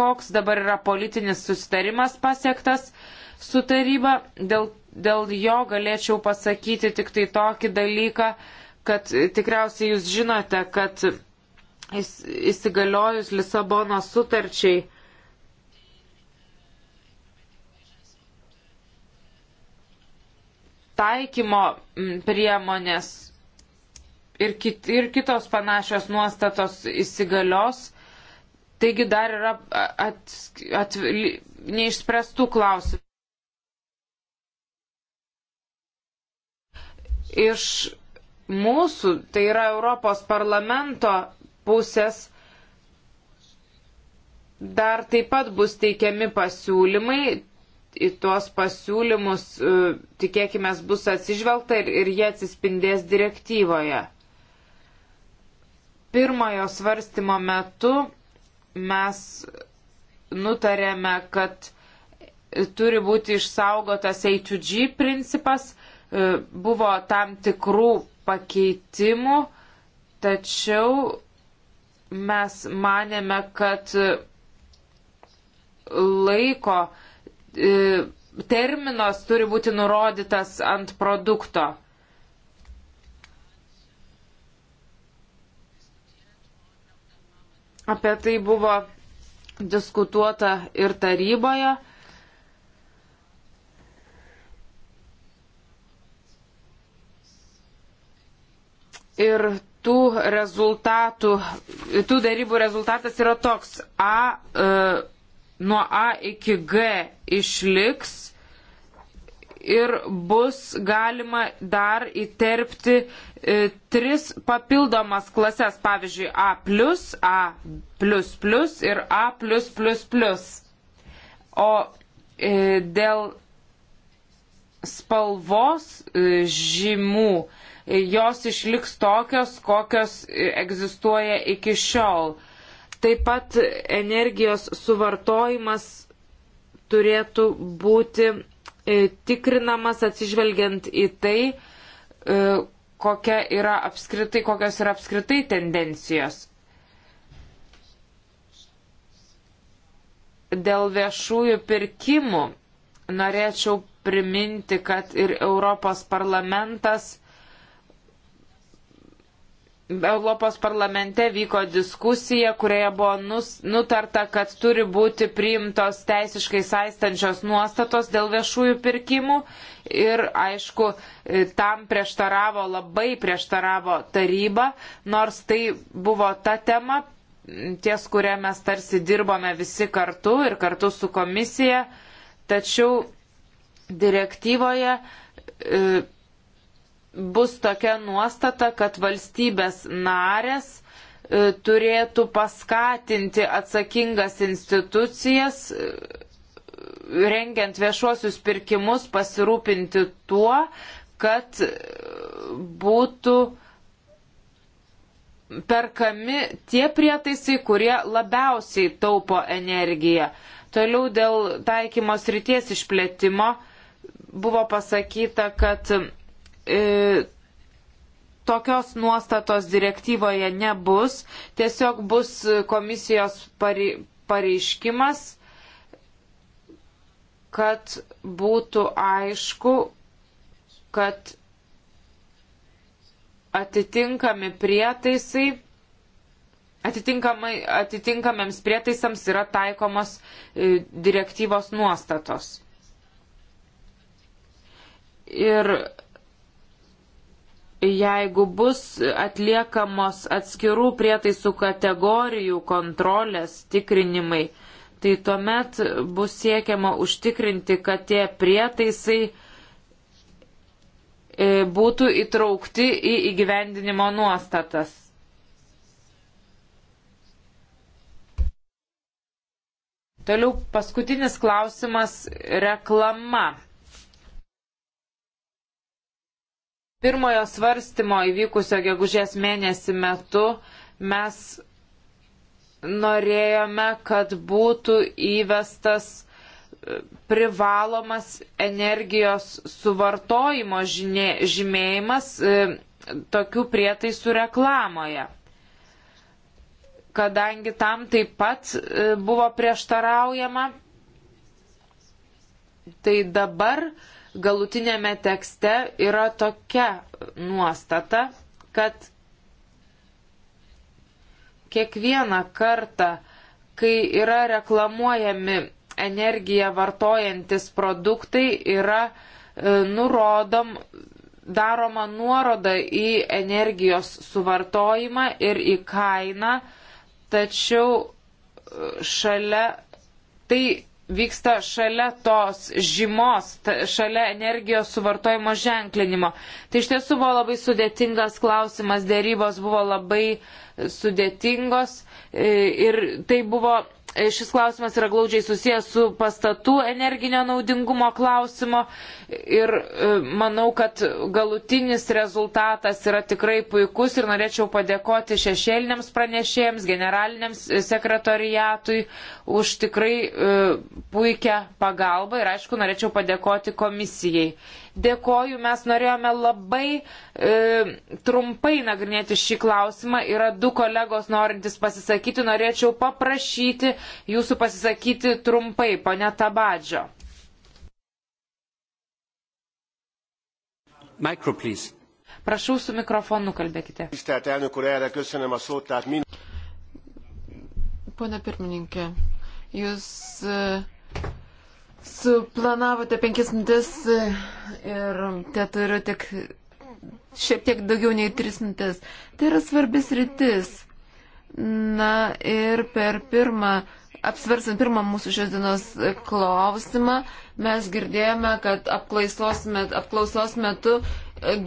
koks dabar yra politinis sustarimas pasiektas su taryba, dėl, dėl jo galėčiau pasakyti tik tai tokį dalyką, kad tikriausiai jūs žinote, kad įsigaliojus Lisabono sutarčiai taikymo priemonės ir, kit, ir kitos panašios nuostatos įsigalios. Taigi dar yra at, at, neišspręstų klausimų. Iš mūsų, tai yra Europos parlamento pusės dar taip pat bus teikiami pasiūlymai. Į tuos pasiūlymus, e, tikėkime, bus atsižvelgta ir, ir jie atsispindės direktyvoje. Pirmojo svarstymo metu mes nutarėme, kad turi būti išsaugotas A2G principas, e, buvo tam tikrų pakeitimų, tačiau mes manėme, kad laiko e, terminas turi būti nurodytas ant produkto. Apie tai buvo diskutuota ir taryboje. Ir tų rezultatų, tų darybų rezultatas yra toks. A, e, nuo A iki G išliks ir bus galima dar įterpti e, tris papildomas klases, pavyzdžiui, A, A ir A. O e, dėl spalvos e, žymų e, jos išliks tokios, kokios egzistuoja iki šiol. Taip pat energijos suvartojimas turėtų būti e, tikrinamas atsižvelgiant į tai, e, kokia yra apskritai, kokios yra apskritai tendencijos. Dėl viešųjų pirkimų norėčiau priminti, kad ir Europos parlamentas Europos parlamente vyko diskusija, kurioje buvo nus, nutarta, kad turi būti priimtos teisiškai saistančios nuostatos dėl viešųjų pirkimų ir, aišku, tam prieštaravo, labai prieštaravo taryba, nors tai buvo ta tema, ties kurią mes tarsi dirbome visi kartu ir kartu su komisija, tačiau direktyvoje. E, bus tokia nuostata, kad valstybės narės e, turėtų paskatinti atsakingas institucijas, e, rengiant viešuosius pirkimus, pasirūpinti tuo, kad e, būtų perkami tie prietaisai, kurie labiausiai taupo energiją. Toliau dėl taikymos ryties išplėtimo buvo pasakyta, kad e, tokios nuostatos direktyvoje nebus, tiesiog bus komisijos pareiškimas, kad būtų aišku, kad atitinkami prietaisai, atitinkamiems prietaisams yra taikomos e, direktyvos nuostatos. Ir jeigu bus atliekamos atskirų prietaisų kategorijų kontrolės tikrinimai, tai tuomet bus siekiama užtikrinti, kad tie prietaisai e, būtų įtraukti į įgyvendinimo nuostatas. Toliau paskutinis klausimas - reklama. pirmojo svarstymo įvykusio gegužės mėnesį metu mes norėjome, kad būtų įvestas e, privalomas energijos suvartojimo žinė, žymėjimas e, tokių prietaisų reklamoje. Kadangi tam taip pat e, buvo prieštaraujama, tai dabar e, galutinėme tekste yra tokia nuostata, kad kiekvieną kartą, kai yra reklamuojami energiją vartojantis produktai, yra e, nurodom, daroma nuoroda į energijos suvartojimą ir į kainą, tačiau e, šalia tai vyksta šalia tos žymos, šalia energijos suvartojimo ženklinimo. Tai iš tiesų buvo labai sudėtingas klausimas, dėrybos buvo labai sudėtingos e, ir tai buvo Šis klausimas yra glaudžiai susijęs su pastatų energinio naudingumo klausimo ir e, manau, kad galutinis rezultatas yra tikrai puikus ir norėčiau padėkoti šešėliniams pranešėjams, generaliniams e, sekretoriatui už tikrai e, puikią pagalbą ir aišku, norėčiau padėkoti komisijai. Dėkoju, mes norėjome labai e, trumpai nagrinėti šį klausimą. Yra du kolegos norintys pasisakyti. Norėčiau paprašyti jūsų pasisakyti trumpai, pane Tabadžio. Micro, please. Prašau, su mikrofonu kalbėkite. Pone pirmininkė, jūs. Uh Suplanavote penkias mintis ir te turiu tik šiek tiek daugiau nei tris mintis. Tai yra svarbis rytis. Na ir per pirmą, apsversant pirmą mūsų šios dienos klausimą, mes girdėjome, kad apklausos, met, apklausos metu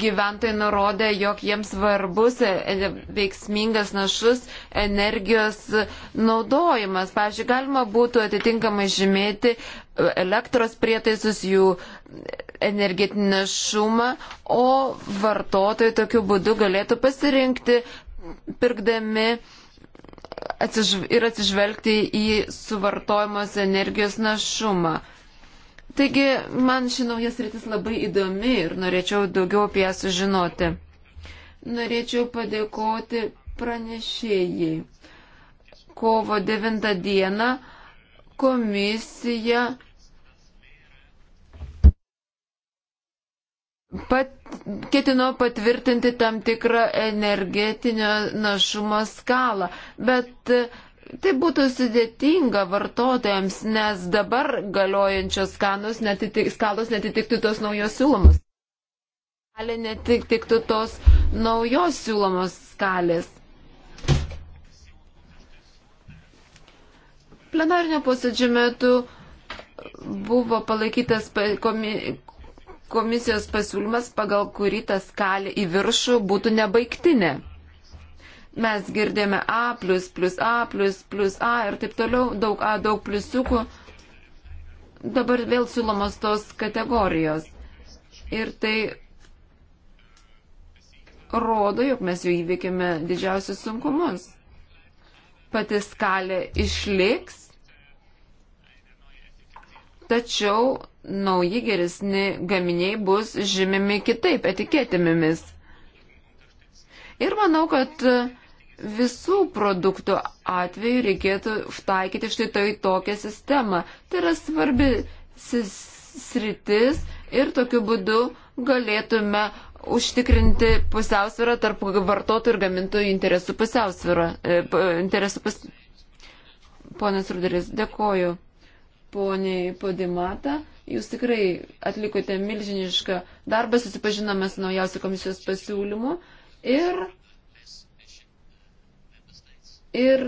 gyventojai nurodė, jog jiems svarbus e, e, veiksmingas našus energijos naudojimas. Pavyzdžiui, galima būtų atitinkamai žymėti e, elektros prietaisus, jų energetinį našumą, o vartotojai tokiu būdu galėtų pasirinkti, pirkdami atsižv ir atsižvelgti į suvartojimos energijos našumą. Taigi, man ši naujas rytis labai įdomi ir norėčiau daugiau apie ją sužinoti. Norėčiau padėkoti pranešėjai. Kovo 9 dieną komisija pat, ketino patvirtinti tam tikrą energetinio našumo skalą, bet Tai būtų sudėtinga vartotojams, nes dabar galiojančios skalos netitik, skalos netitiktų tos naujos siūlomos. Skalė netitiktų tos naujos siūlomos skalės. Plenarinio posėdžio metu buvo palaikytas komisijos pasiūlymas, pagal kurį ta skalė į viršų būtų nebaigtinė. Mes girdėme A, plus, plus A, plus, plus A ir taip toliau, daug A, daug pliusiukų. Dabar vėl siūlomos tos kategorijos. Ir tai rodo, jog mes jau įveikėme didžiausius sunkumus. Pati skalė išliks, tačiau nauji geresni gaminiai bus žymimi kitaip etiketėmis. Ir manau, kad visų produktų atveju reikėtų taikyti štai tai tokią sistemą. Tai yra svarbi sritis ir tokiu būdu galėtume užtikrinti pusiausvyrą tarp vartotojų ir gamintojų interesų pusiausvyrą. E, interesų pas... Ponas Ruderis, dėkoju. Poniai Podimata, jūs tikrai atlikote milžinišką darbą, susipažinome su naujausiu komisijos pasiūlymu ir Ir,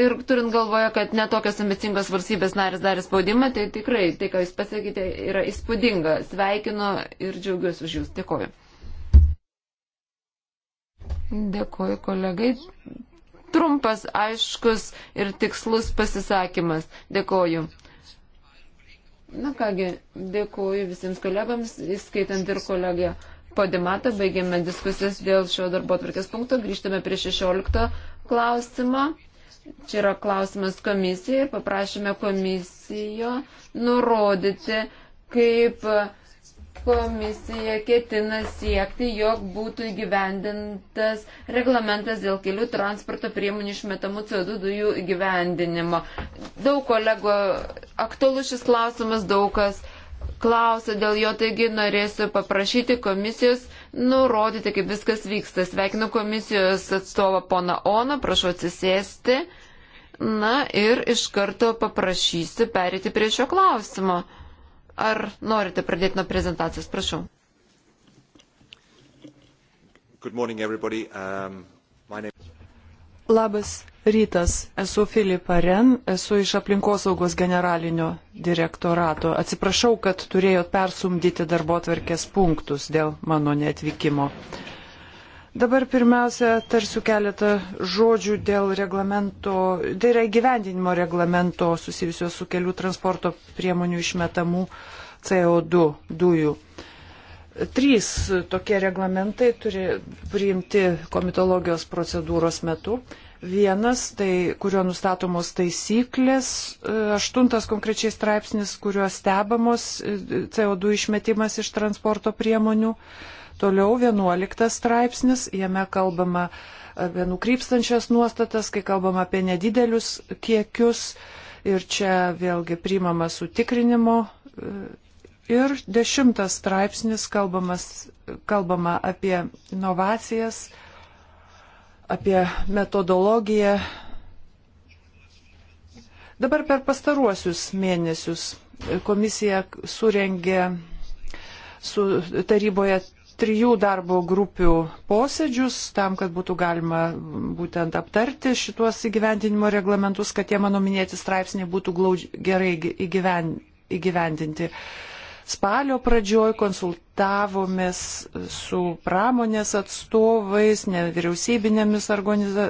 ir turint galvoje, kad netokios ambicingos valstybės narės darė spaudimą, tai tikrai tai, ką jūs pasakėte, yra įspūdinga. Sveikinu ir džiaugiuosi už jūs. Dėkoju. Dėkoju kolegai. Trumpas, aiškus ir tikslus pasisakymas. Dėkoju. Na kągi, dėkoju visiems kolegams, įskaitant ir kolegę. Podimata, baigėme diskusijas dėl šio darbo atvarkės punkto, grįžtame prie 16 klausimą. Čia yra klausimas komisijai ir paprašėme komisijo nurodyti, kaip komisija ketina siekti, jog būtų įgyvendintas reglamentas dėl kelių transporto priemonių išmetamų CO2 dujų įgyvendinimo. Daug kolego aktualus šis klausimas, daug kas uh, klausia dėl jo, taigi norėsiu paprašyti komisijos nurodyti, kaip viskas vyksta. Sveikinu komisijos atstovą pona Oną, prašau atsisėsti. Na ir iš karto paprašysiu perėti prie šio klausimo. Ar norite pradėti nuo prezentacijos? Prašau. Good morning, everybody. Um, my name... Labas rytas. Esu Filipa Ren, esu iš aplinkosaugos generalinio direktorato. Atsiprašau, kad turėjot persumdyti darbo atverkės punktus dėl mano neatvykimo. Dabar pirmiausia, tarsiu keletą žodžių dėl reglamento, tai yra gyvendinimo reglamento susijusio su kelių transporto priemonių išmetamų CO2 dujų. Trys tokie reglamentai turi priimti komitologijos procedūros metu. Vienas, tai kurio nustatomos taisyklės, e, aštuntas konkrečiai straipsnis, kuriuo stebamos e, CO2 išmetimas iš transporto priemonių. Toliau vienuoliktas straipsnis, jame kalbama apie nukrypstančias nuostatas, kai kalbama apie nedidelius kiekius ir čia vėlgi priimama sutikrinimo. E, ir dešimtas straipsnis kalbamas, kalbama apie inovacijas apie metodologiją. Dabar per pastaruosius mėnesius komisija surengė su taryboje trijų darbo grupių posėdžius tam, kad būtų galima būtent aptarti šitos įgyvendinimo reglamentus, kad tie mano minėti straipsniai būtų glaudž, gerai įgyven, įgyvendinti. Uh, spalio pradžioj konsultavomės su pramonės atstovais, nevyriausybinėmis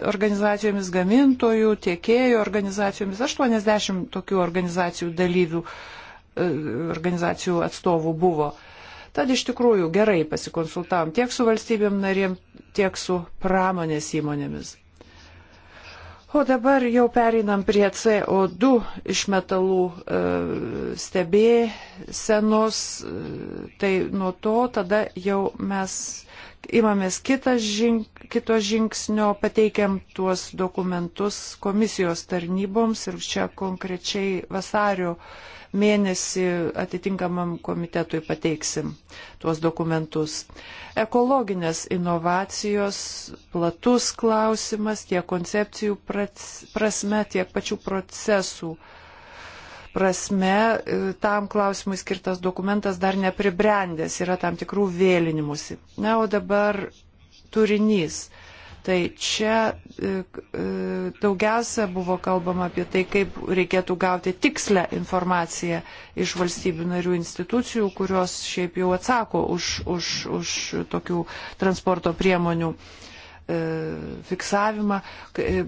organizacijomis, gamintojų, tiekėjų organizacijomis, 80 tokių organizacijų dalyvių, e, organizacijų atstovų buvo. Tad iš tikrųjų gerai pasikonsultavom tiek su valstybėm narėm, tiek su pramonės įmonėmis. O dabar jau pereinam prie CO2 išmetalų e, stebėsenos, e, tai nuo to tada jau mes imamės žink, kito žingsnio, pateikiam tuos dokumentus komisijos tarnyboms ir čia konkrečiai vasario mėnesį atitinkamam komitetui pateiksim tuos dokumentus. Ekologinės inovacijos, platus klausimas tiek koncepcijų prasme, tiek pačių procesų prasme prasme e, tam klausimui skirtas dokumentas dar nepribrendęs, yra tam tikrų vėlinimusi. Na, o dabar turinys. Tai čia e, e, daugiausia buvo kalbama apie tai, kaip reikėtų gauti tikslę informaciją iš valstybių narių institucijų, kurios šiaip jau atsako už, už, už tokių transporto priemonių uh, E, fiksavimą.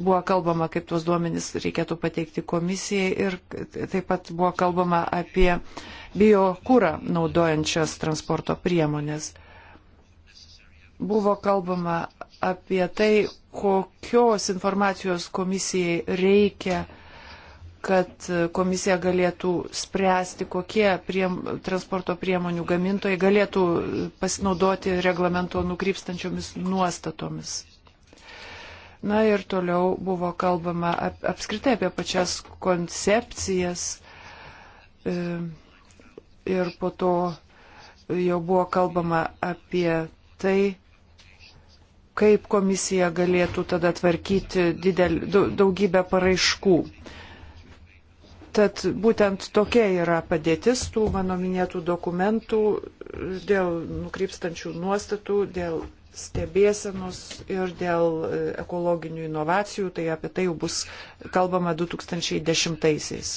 Buvo kalbama, kaip tuos duomenys reikėtų pateikti komisijai ir taip pat buvo kalbama apie biokūrą naudojančias transporto priemonės. Buvo kalbama apie tai, kokios informacijos komisijai reikia kad komisija galėtų spręsti, kokie prie, transporto priemonių gamintojai galėtų pasinaudoti reglamento nukrypstančiomis nuostatomis. Na ir toliau buvo kalbama ap, apskritai apie pačias koncepcijas e, ir po to jau buvo kalbama apie tai, kaip komisija galėtų tada tvarkyti didel, daugybę paraiškų. E, Tad būtent tokia yra padėtis tų mano minėtų dokumentų dėl nukrypstančių nuostatų, dėl stebėsenos ir dėl e, ekologinių inovacijų, tai apie tai jau bus kalbama 2010-aisiais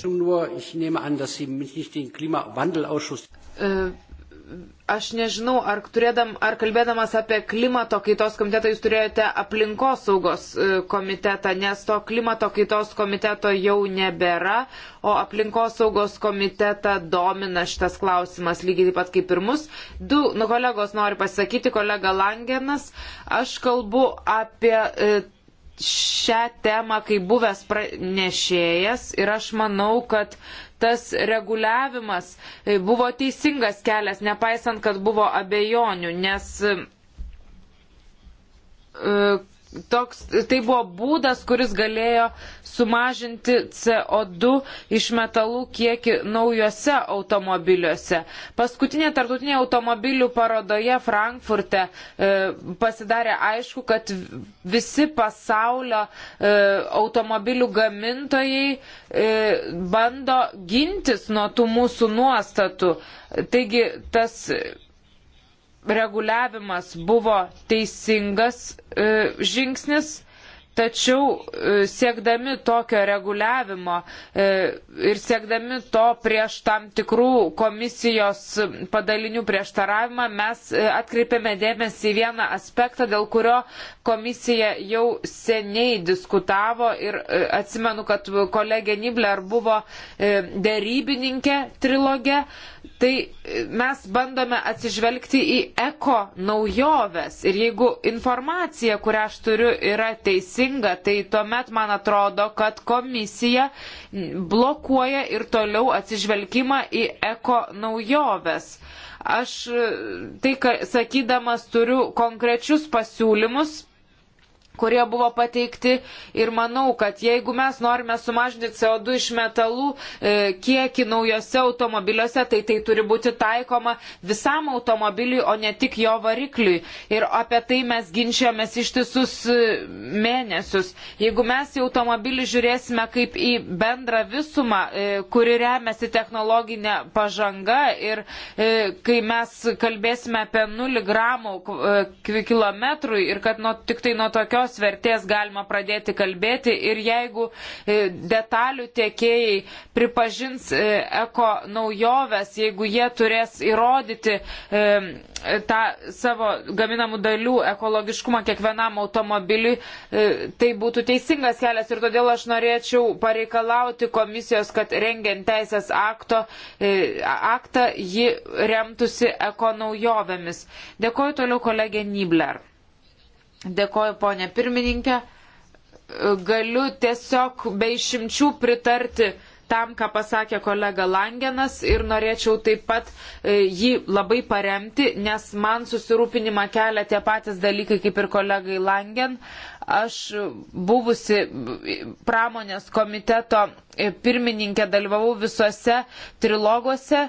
aš nežinau, ar, turėdam, ar kalbėdamas apie klimato kaitos komitetą jūs turėjote aplinkos saugos e, komitetą, nes to klimato kaitos komiteto jau nebėra, o aplinkos saugos komitetą domina šitas klausimas lygiai taip pat kaip ir mus. Du nu, kolegos nori pasakyti, kolega Langenas, aš kalbu apie. E, Šią temą, kai buvęs pranešėjas ir aš manau, kad uh, tas reguliavimas buvo teisingas kelias, nepaisant, kad buvo abejonių, nes e, toks, tai buvo būdas, kuris galėjo sumažinti CO2 iš metalų kiekį naujuose automobiliuose. Paskutinė tartutinė automobilių parodoje Frankfurte e, pasidarė aišku, kad visi pasaulio e, automobilių gamintojai e, bando gintis nuo tų mūsų nuostatų. Taigi tas. E, reguliavimas buvo teisingas e, žingsnis, tačiau e, siekdami tokio reguliavimo e, ir siekdami to prieš tam tikrų komisijos padalinių prieštaravimą, mes e, atkreipėme dėmesį į vieną aspektą, dėl kurio komisija jau seniai diskutavo ir e, atsimenu, kad kolegė Nibler buvo e, dėrybininkė trilogė. E, Tai e, mes bandome atsižvelgti į eko naujoves ir jeigu informacija, kurią aš turiu, yra teisinga, tai tuomet man atrodo, kad komisija blokuoja ir toliau atsižvelgimą į eko naujoves aš e, tai sakydamas turiu konkrečius pasiūlymus kurie buvo pateikti ir manau, kad jeigu mes norime sumažinti CO2 iš metalų e, kiekį naujose automobiliuose, tai tai turi būti taikoma visam automobiliui, o ne tik jo varikliui. Ir apie tai mes ginčiamės ištisus e, mėnesius. Jeigu mes į automobilį žiūrėsime kaip į bendrą visumą, e, kuri remiasi technologinė pažanga ir e, kai mes kalbėsime apie 0 gramų e, kilometrui ir kad nuo, tik tai nuo tokios kokios vertės galima pradėti kalbėti ir jeigu e, detalių tiekėjai pripažins e, eko naujoves, jeigu jie turės įrodyti e, tą savo gaminamų dalių ekologiškumą kiekvienam automobiliui, tai būtų teisingas kelias ir todėl aš norėčiau pareikalauti komisijos, kad rengiant teisės akto, aktą ji remtųsi eko naujovėmis. Dėkuoju toliau kolegė Nibler. Dėkoju, ponė pirmininkė. Galiu tiesiog be išimčių pritarti tam, ką pasakė kolega Langenas ir norėčiau taip pat e, jį labai paremti, nes man susirūpinimą kelia tie patys dalykai kaip ir kolegai Langen. Aš buvusi pramonės komiteto e, pirmininkė dalyvavau visuose triloguose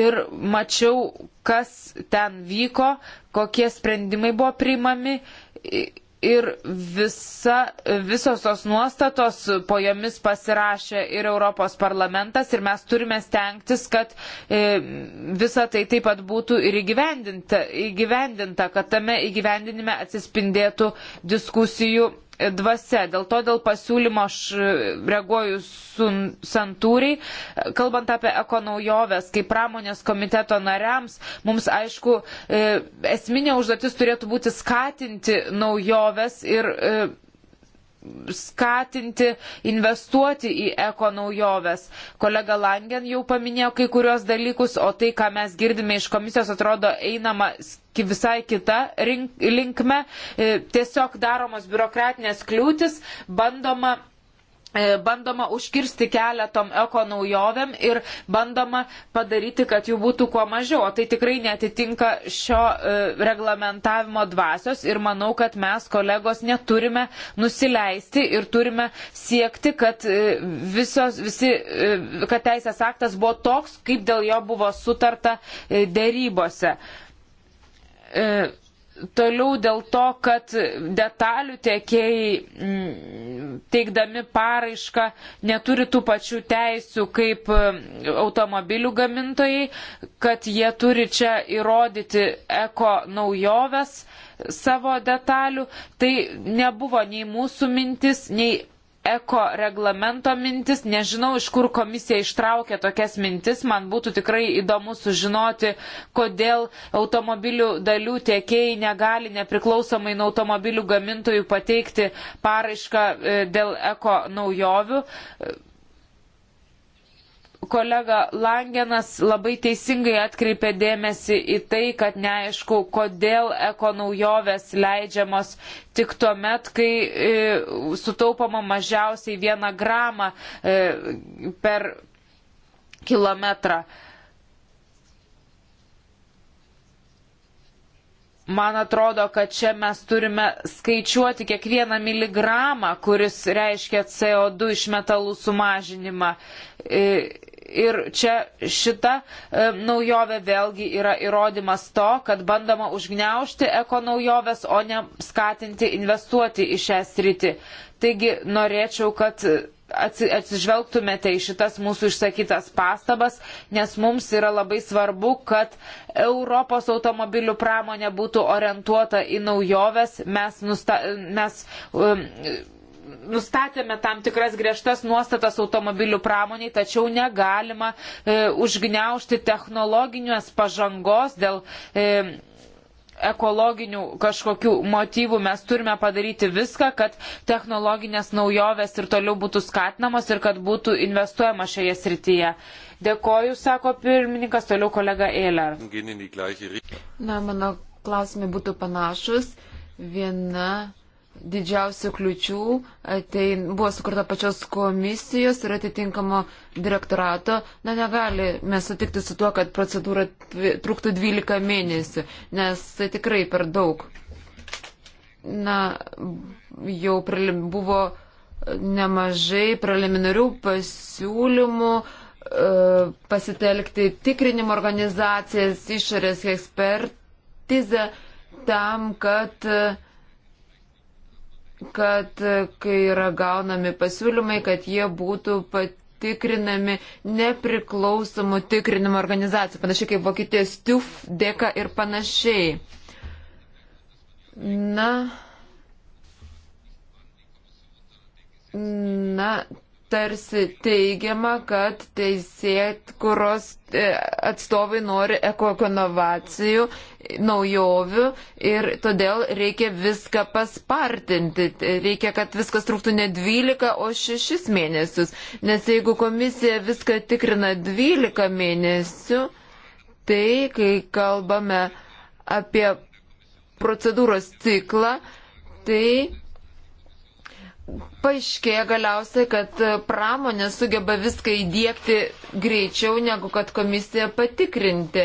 ir mačiau, kas ten vyko, kokie sprendimai buvo priimami ir visa, visos tos nuostatos po jomis pasirašė ir Europos parlamentas ir mes turime stengtis, kad e, visa tai taip pat būtų ir įgyvendinta, įgyvendinta kad tame įgyvendinime atsispindėtų diskusijų dvasia. Dėl to dėl pasiūlymo aš e, reaguoju santūriai. Kalbant apie ekonaujoves, kaip pramonės komiteto nariams, mums aišku, e, esminė užduotis turėtų būti skatinti naujoves ir e, skatinti investuoti į eko naujoves. Kolega Langen jau paminėjo kai kurios dalykus, o tai, ką mes girdime iš komisijos, atrodo einama visai kita linkme. E, tiesiog daromos biurokratinės kliūtis, bandoma E, bandoma užkirsti kelią tom eko naujovėm ir bandoma padaryti, kad jų būtų kuo mažiau. O tai tikrai netitinka šio e, reglamentavimo dvasios ir manau, kad mes, kolegos, neturime nusileisti ir turime siekti, kad, e, visos, visi, kad teisės aktas buvo toks, kaip dėl jo buvo sutarta dėrybose. E, Toliau dėl to, kad detalių tiekėjai mm, teikdami paraišką neturi tų pačių teisių kaip mm, automobilių gamintojai, kad jie turi čia įrodyti eko naujoves savo detalių. Tai nebuvo nei mūsų mintis, nei eko reglamento mintis. Nežinau, iš kur komisija ištraukė tokias mintis. Man būtų tikrai įdomu sužinoti, kodėl automobilių dalių tiekėjai negali nepriklausomai nuo automobilių gamintojų pateikti paraišką e, dėl eko naujovių kolega Langenas labai teisingai atkreipė dėmesį į tai, kad neaišku, kodėl ekonaujovės leidžiamos tik tuo met, kai e, sutaupama mažiausiai vieną gramą e, per kilometrą. Man atrodo, kad čia mes turime skaičiuoti kiekvieną miligramą, kuris reiškia CO2 iš metalų sumažinimą. E, Ir čia šita e, naujovė vėlgi yra įrodymas to, kad bandoma užgneušti eko naujoves, o ne skatinti investuoti į šią sritį. Taigi norėčiau, kad e, atsižvelgtumėte į šitas mūsų išsakytas pastabas, nes mums yra labai svarbu, kad Europos automobilių pramonė būtų orientuota į naujoves. Mes, nusta, mes um, nustatėme tam tikras griežtas nuostatas automobilių pramoniai, tačiau negalima e, užgneušti technologinės pažangos dėl e, ekologinių kažkokių motyvų mes turime padaryti viską, kad technologinės naujovės ir toliau būtų skatinamos ir kad būtų investuojama šioje srityje. Dėkoju, sako pirmininkas, toliau kolega Eiler. Na, mano klausimai būtų panašus. Viena didžiausių kliučių tai buvo sukurta pačios komisijos ir atitinkamo direktorato. Na, negalime sutikti su tuo, kad procedūra truktų 12 mėnesių, nes tai tikrai per daug. Na, jau buvo nemažai preliminarių pasiūlymų pasitelkti tikrinimo organizacijas, išorės ekspertizę tam, kad uh, kad e, kai yra gaunami pasiūlymai, kad jie būtų patikrinami nepriklausomų tikrinimo organizacijų, panašiai kaip Vokietijos TUF dėka ir panašiai. Na, na, tarsi teigiama, kad teisėt, kuros e, atstovai nori ekoinovacijų, naujovių ir todėl reikia viską paspartinti. Reikia, kad viskas truktų ne 12, o 6 mėnesius. Nes jeigu komisija viską tikrina 12 mėnesių, tai kai kalbame apie procedūros ciklą, tai paaiškėja galiausiai, kad pramonė sugeba viską įdėkti greičiau, negu kad komisija patikrinti.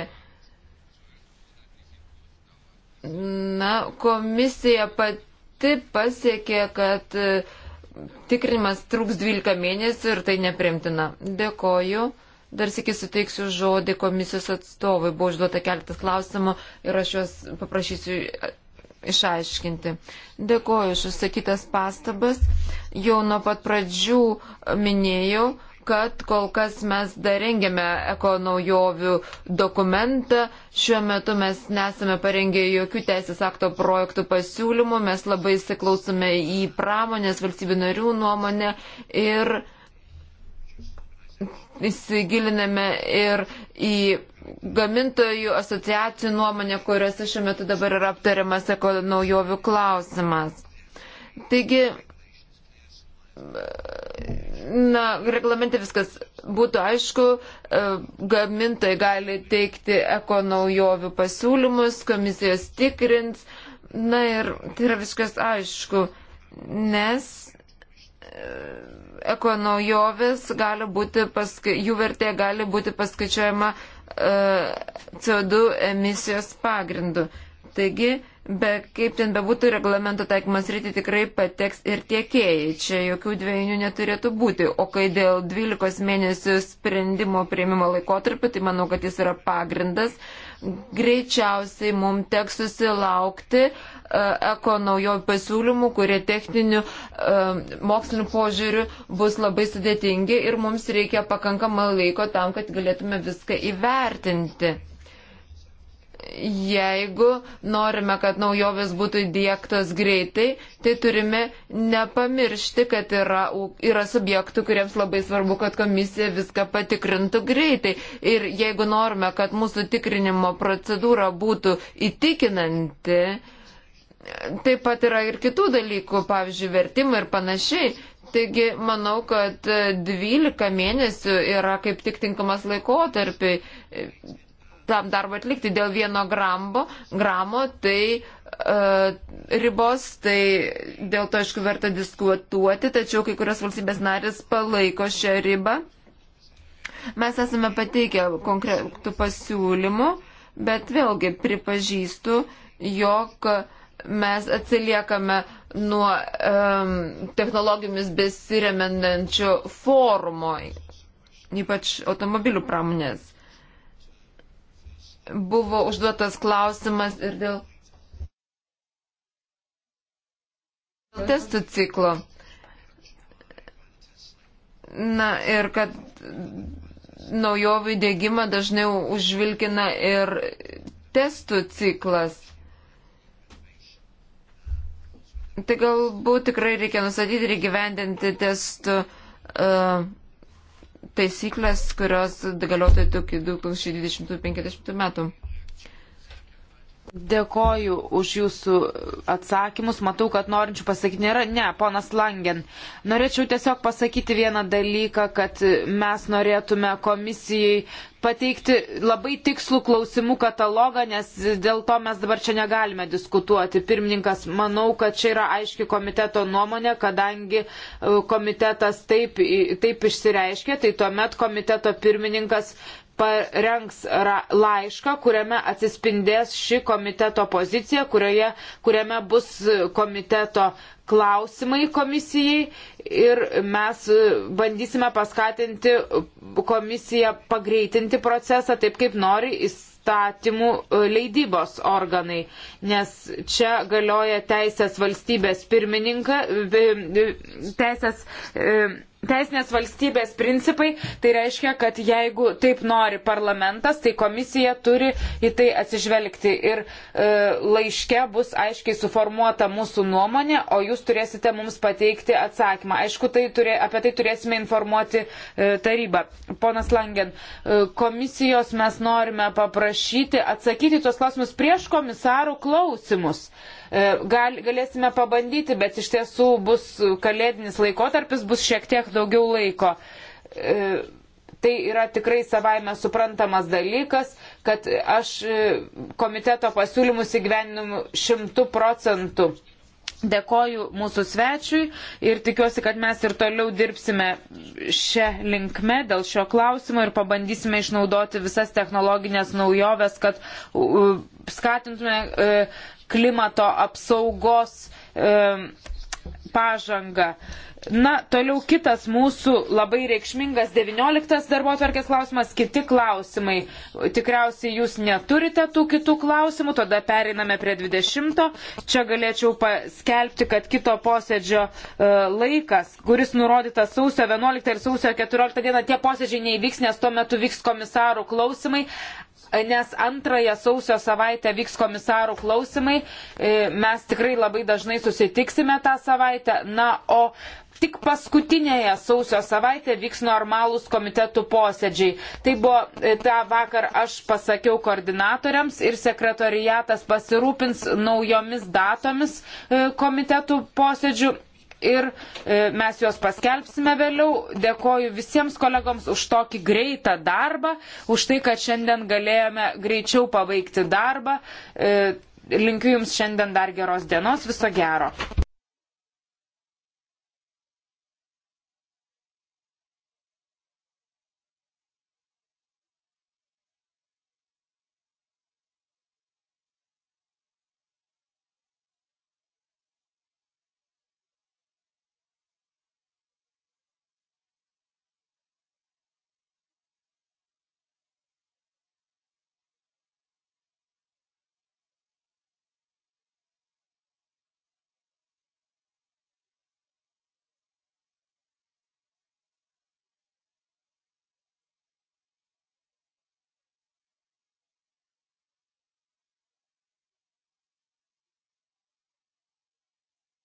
Na, komisija pati pasiekė, kad tikrinimas truks 12 mėnesių ir tai neprimtina. Dėkoju. Dar sėkiai suteiksiu žodį komisijos atstovui. Buvo užduota keletas klausimų ir aš juos paprašysiu išaiškinti. Dėkoju iš užsakytas pastabas. Jau nuo pat pradžių minėjau, kad kol kas mes dar rengiame eko naujovių dokumentą. Šiuo metu mes nesame parengę jokių teisės akto projektų pasiūlymų, mes labai įsiklausome į pramonės valstybių narių nuomonę ir įsigiliname ir į gamintojų asociacijų nuomonė, kuriuose šiuo metu dabar yra aptariamas naujovių klausimas. Taigi, na, reglamente viskas būtų aišku, e, gamintojai gali teikti ekonaujovių pasiūlymus, komisijos tikrins, na ir tai yra viskas aišku, nes e, ekonaujovės gali būti, paska, jų vertė gali būti paskaičiuojama E, CO2 emisijos pagrindu. Taigi, be kaip ten bebūtų reglamento taikymas rytį tikrai pateks ir tiekėjai. Čia jokių dviejų neturėtų būti. O kai dėl 12 mėnesių sprendimo prieimimo laikotarpio, tai manau, kad jis yra pagrindas greičiausiai mums teks susilaukti e, eko naujovių pasiūlymų, kurie techninių e, mokslinių požiūrių bus labai sudėtingi ir mums reikia pakankamą laiko tam, kad galėtume viską įvertinti jeigu norime, kad naujovės būtų įdėktos greitai, tai turime nepamiršti, kad yra, yra subjektų, kuriems labai svarbu, kad komisija viską patikrintų greitai. Ir jeigu norime, kad mūsų tikrinimo procedūra būtų įtikinanti, taip pat yra ir kitų dalykų, pavyzdžiui, vertimai ir panašiai. Taigi, manau, kad 12 mėnesių yra kaip tik tinkamas laikotarpiai tam darbą atlikti dėl vieno grambo, gramo, tai uh, ribos, tai dėl to, aišku, verta diskutuoti, tačiau kai kurios valstybės narės palaiko šią ribą. Mes esame pateikę konkretų pasiūlymų, bet vėlgi pripažįstu, jog mes atsiliekame nuo um, technologijomis besiremendančių forumo, ypač automobilių pramonės buvo užduotas klausimas ir dėl testų ciklo. Na ir kad naujovių dėgymą dažnai užvilkina ir testų ciklas. Tai galbūt tikrai reikia nusatyti ir įgyvendinti testų uh, taisyklės, kurios galiotų iki 2020-2050 metų. Dėkoju už jūsų atsakymus. Matau, kad norinčių pasakyti nėra. Ne, ponas Langen. Norėčiau tiesiog pasakyti vieną dalyką, kad mes norėtume komisijai pateikti labai tikslų klausimų katalogą, nes dėl to mes dabar čia negalime diskutuoti. Pirmininkas, manau, kad čia yra aiški komiteto nuomonė, kadangi e, komitetas taip, taip išsireiškė, tai tuomet komiteto pirmininkas parengs laišką, kuriame atsispindės ši komiteto pozicija, kurioje, kuriame bus komiteto klausimai komisijai ir mes bandysime paskatinti komisiją pagreitinti procesą taip, kaip nori įstatymų leidybos organai, nes čia galioja teisės valstybės pirmininką, teisės. E, Teisinės valstybės principai, tai reiškia, kad jeigu taip nori parlamentas, tai komisija turi į tai atsižvelgti. Ir e, laiške bus aiškiai suformuota mūsų nuomonė, o jūs turėsite mums pateikti atsakymą. Aišku, tai turė, apie tai turėsime informuoti e, tarybą. Ponas Langen, e, komisijos mes norime paprašyti atsakyti tuos klausimus prieš komisarų klausimus. E, E, gal, galėsime pabandyti, bet iš tiesų bus kalėdinis laikotarpis, bus šiek tiek daugiau laiko. E, tai yra tikrai savaime suprantamas dalykas, kad aš e, komiteto pasiūlymus įgyveninu šimtų procentų. Dėkoju mūsų svečiui ir tikiuosi, kad mes ir toliau dirbsime šią linkmę dėl šio klausimo ir pabandysime išnaudoti visas technologinės naujoves, kad skatintume klimato apsaugos e, pažangą. Na, toliau kitas mūsų labai reikšmingas 19 darbo atvarkės klausimas, kiti klausimai. Tikriausiai jūs neturite tų kitų klausimų, tada pereiname prie 20. Čia galėčiau paskelbti, kad kito posėdžio e, laikas, kuris nurodytas sausio 11 ir sausio 14 dieną, tie posėdžiai neįvyks, nes tuo metu vyks komisarų klausimai nes antrąją sausio savaitę vyks komisarų klausimai. E, mes tikrai labai dažnai susitiksime tą savaitę. Na, o tik paskutinėje sausio savaitė vyks normalūs komitetų posėdžiai. Tai buvo, e, tą vakar aš pasakiau koordinatoriams ir sekretorijatas pasirūpins naujomis datomis e, komitetų posėdžių ir e, mes juos paskelbsime vėliau. Dėkoju visiems kolegoms už tokį greitą darbą, už tai, kad šiandien galėjome greičiau pabaigti darbą. E, linkiu Jums šiandien dar geros dienos, viso gero.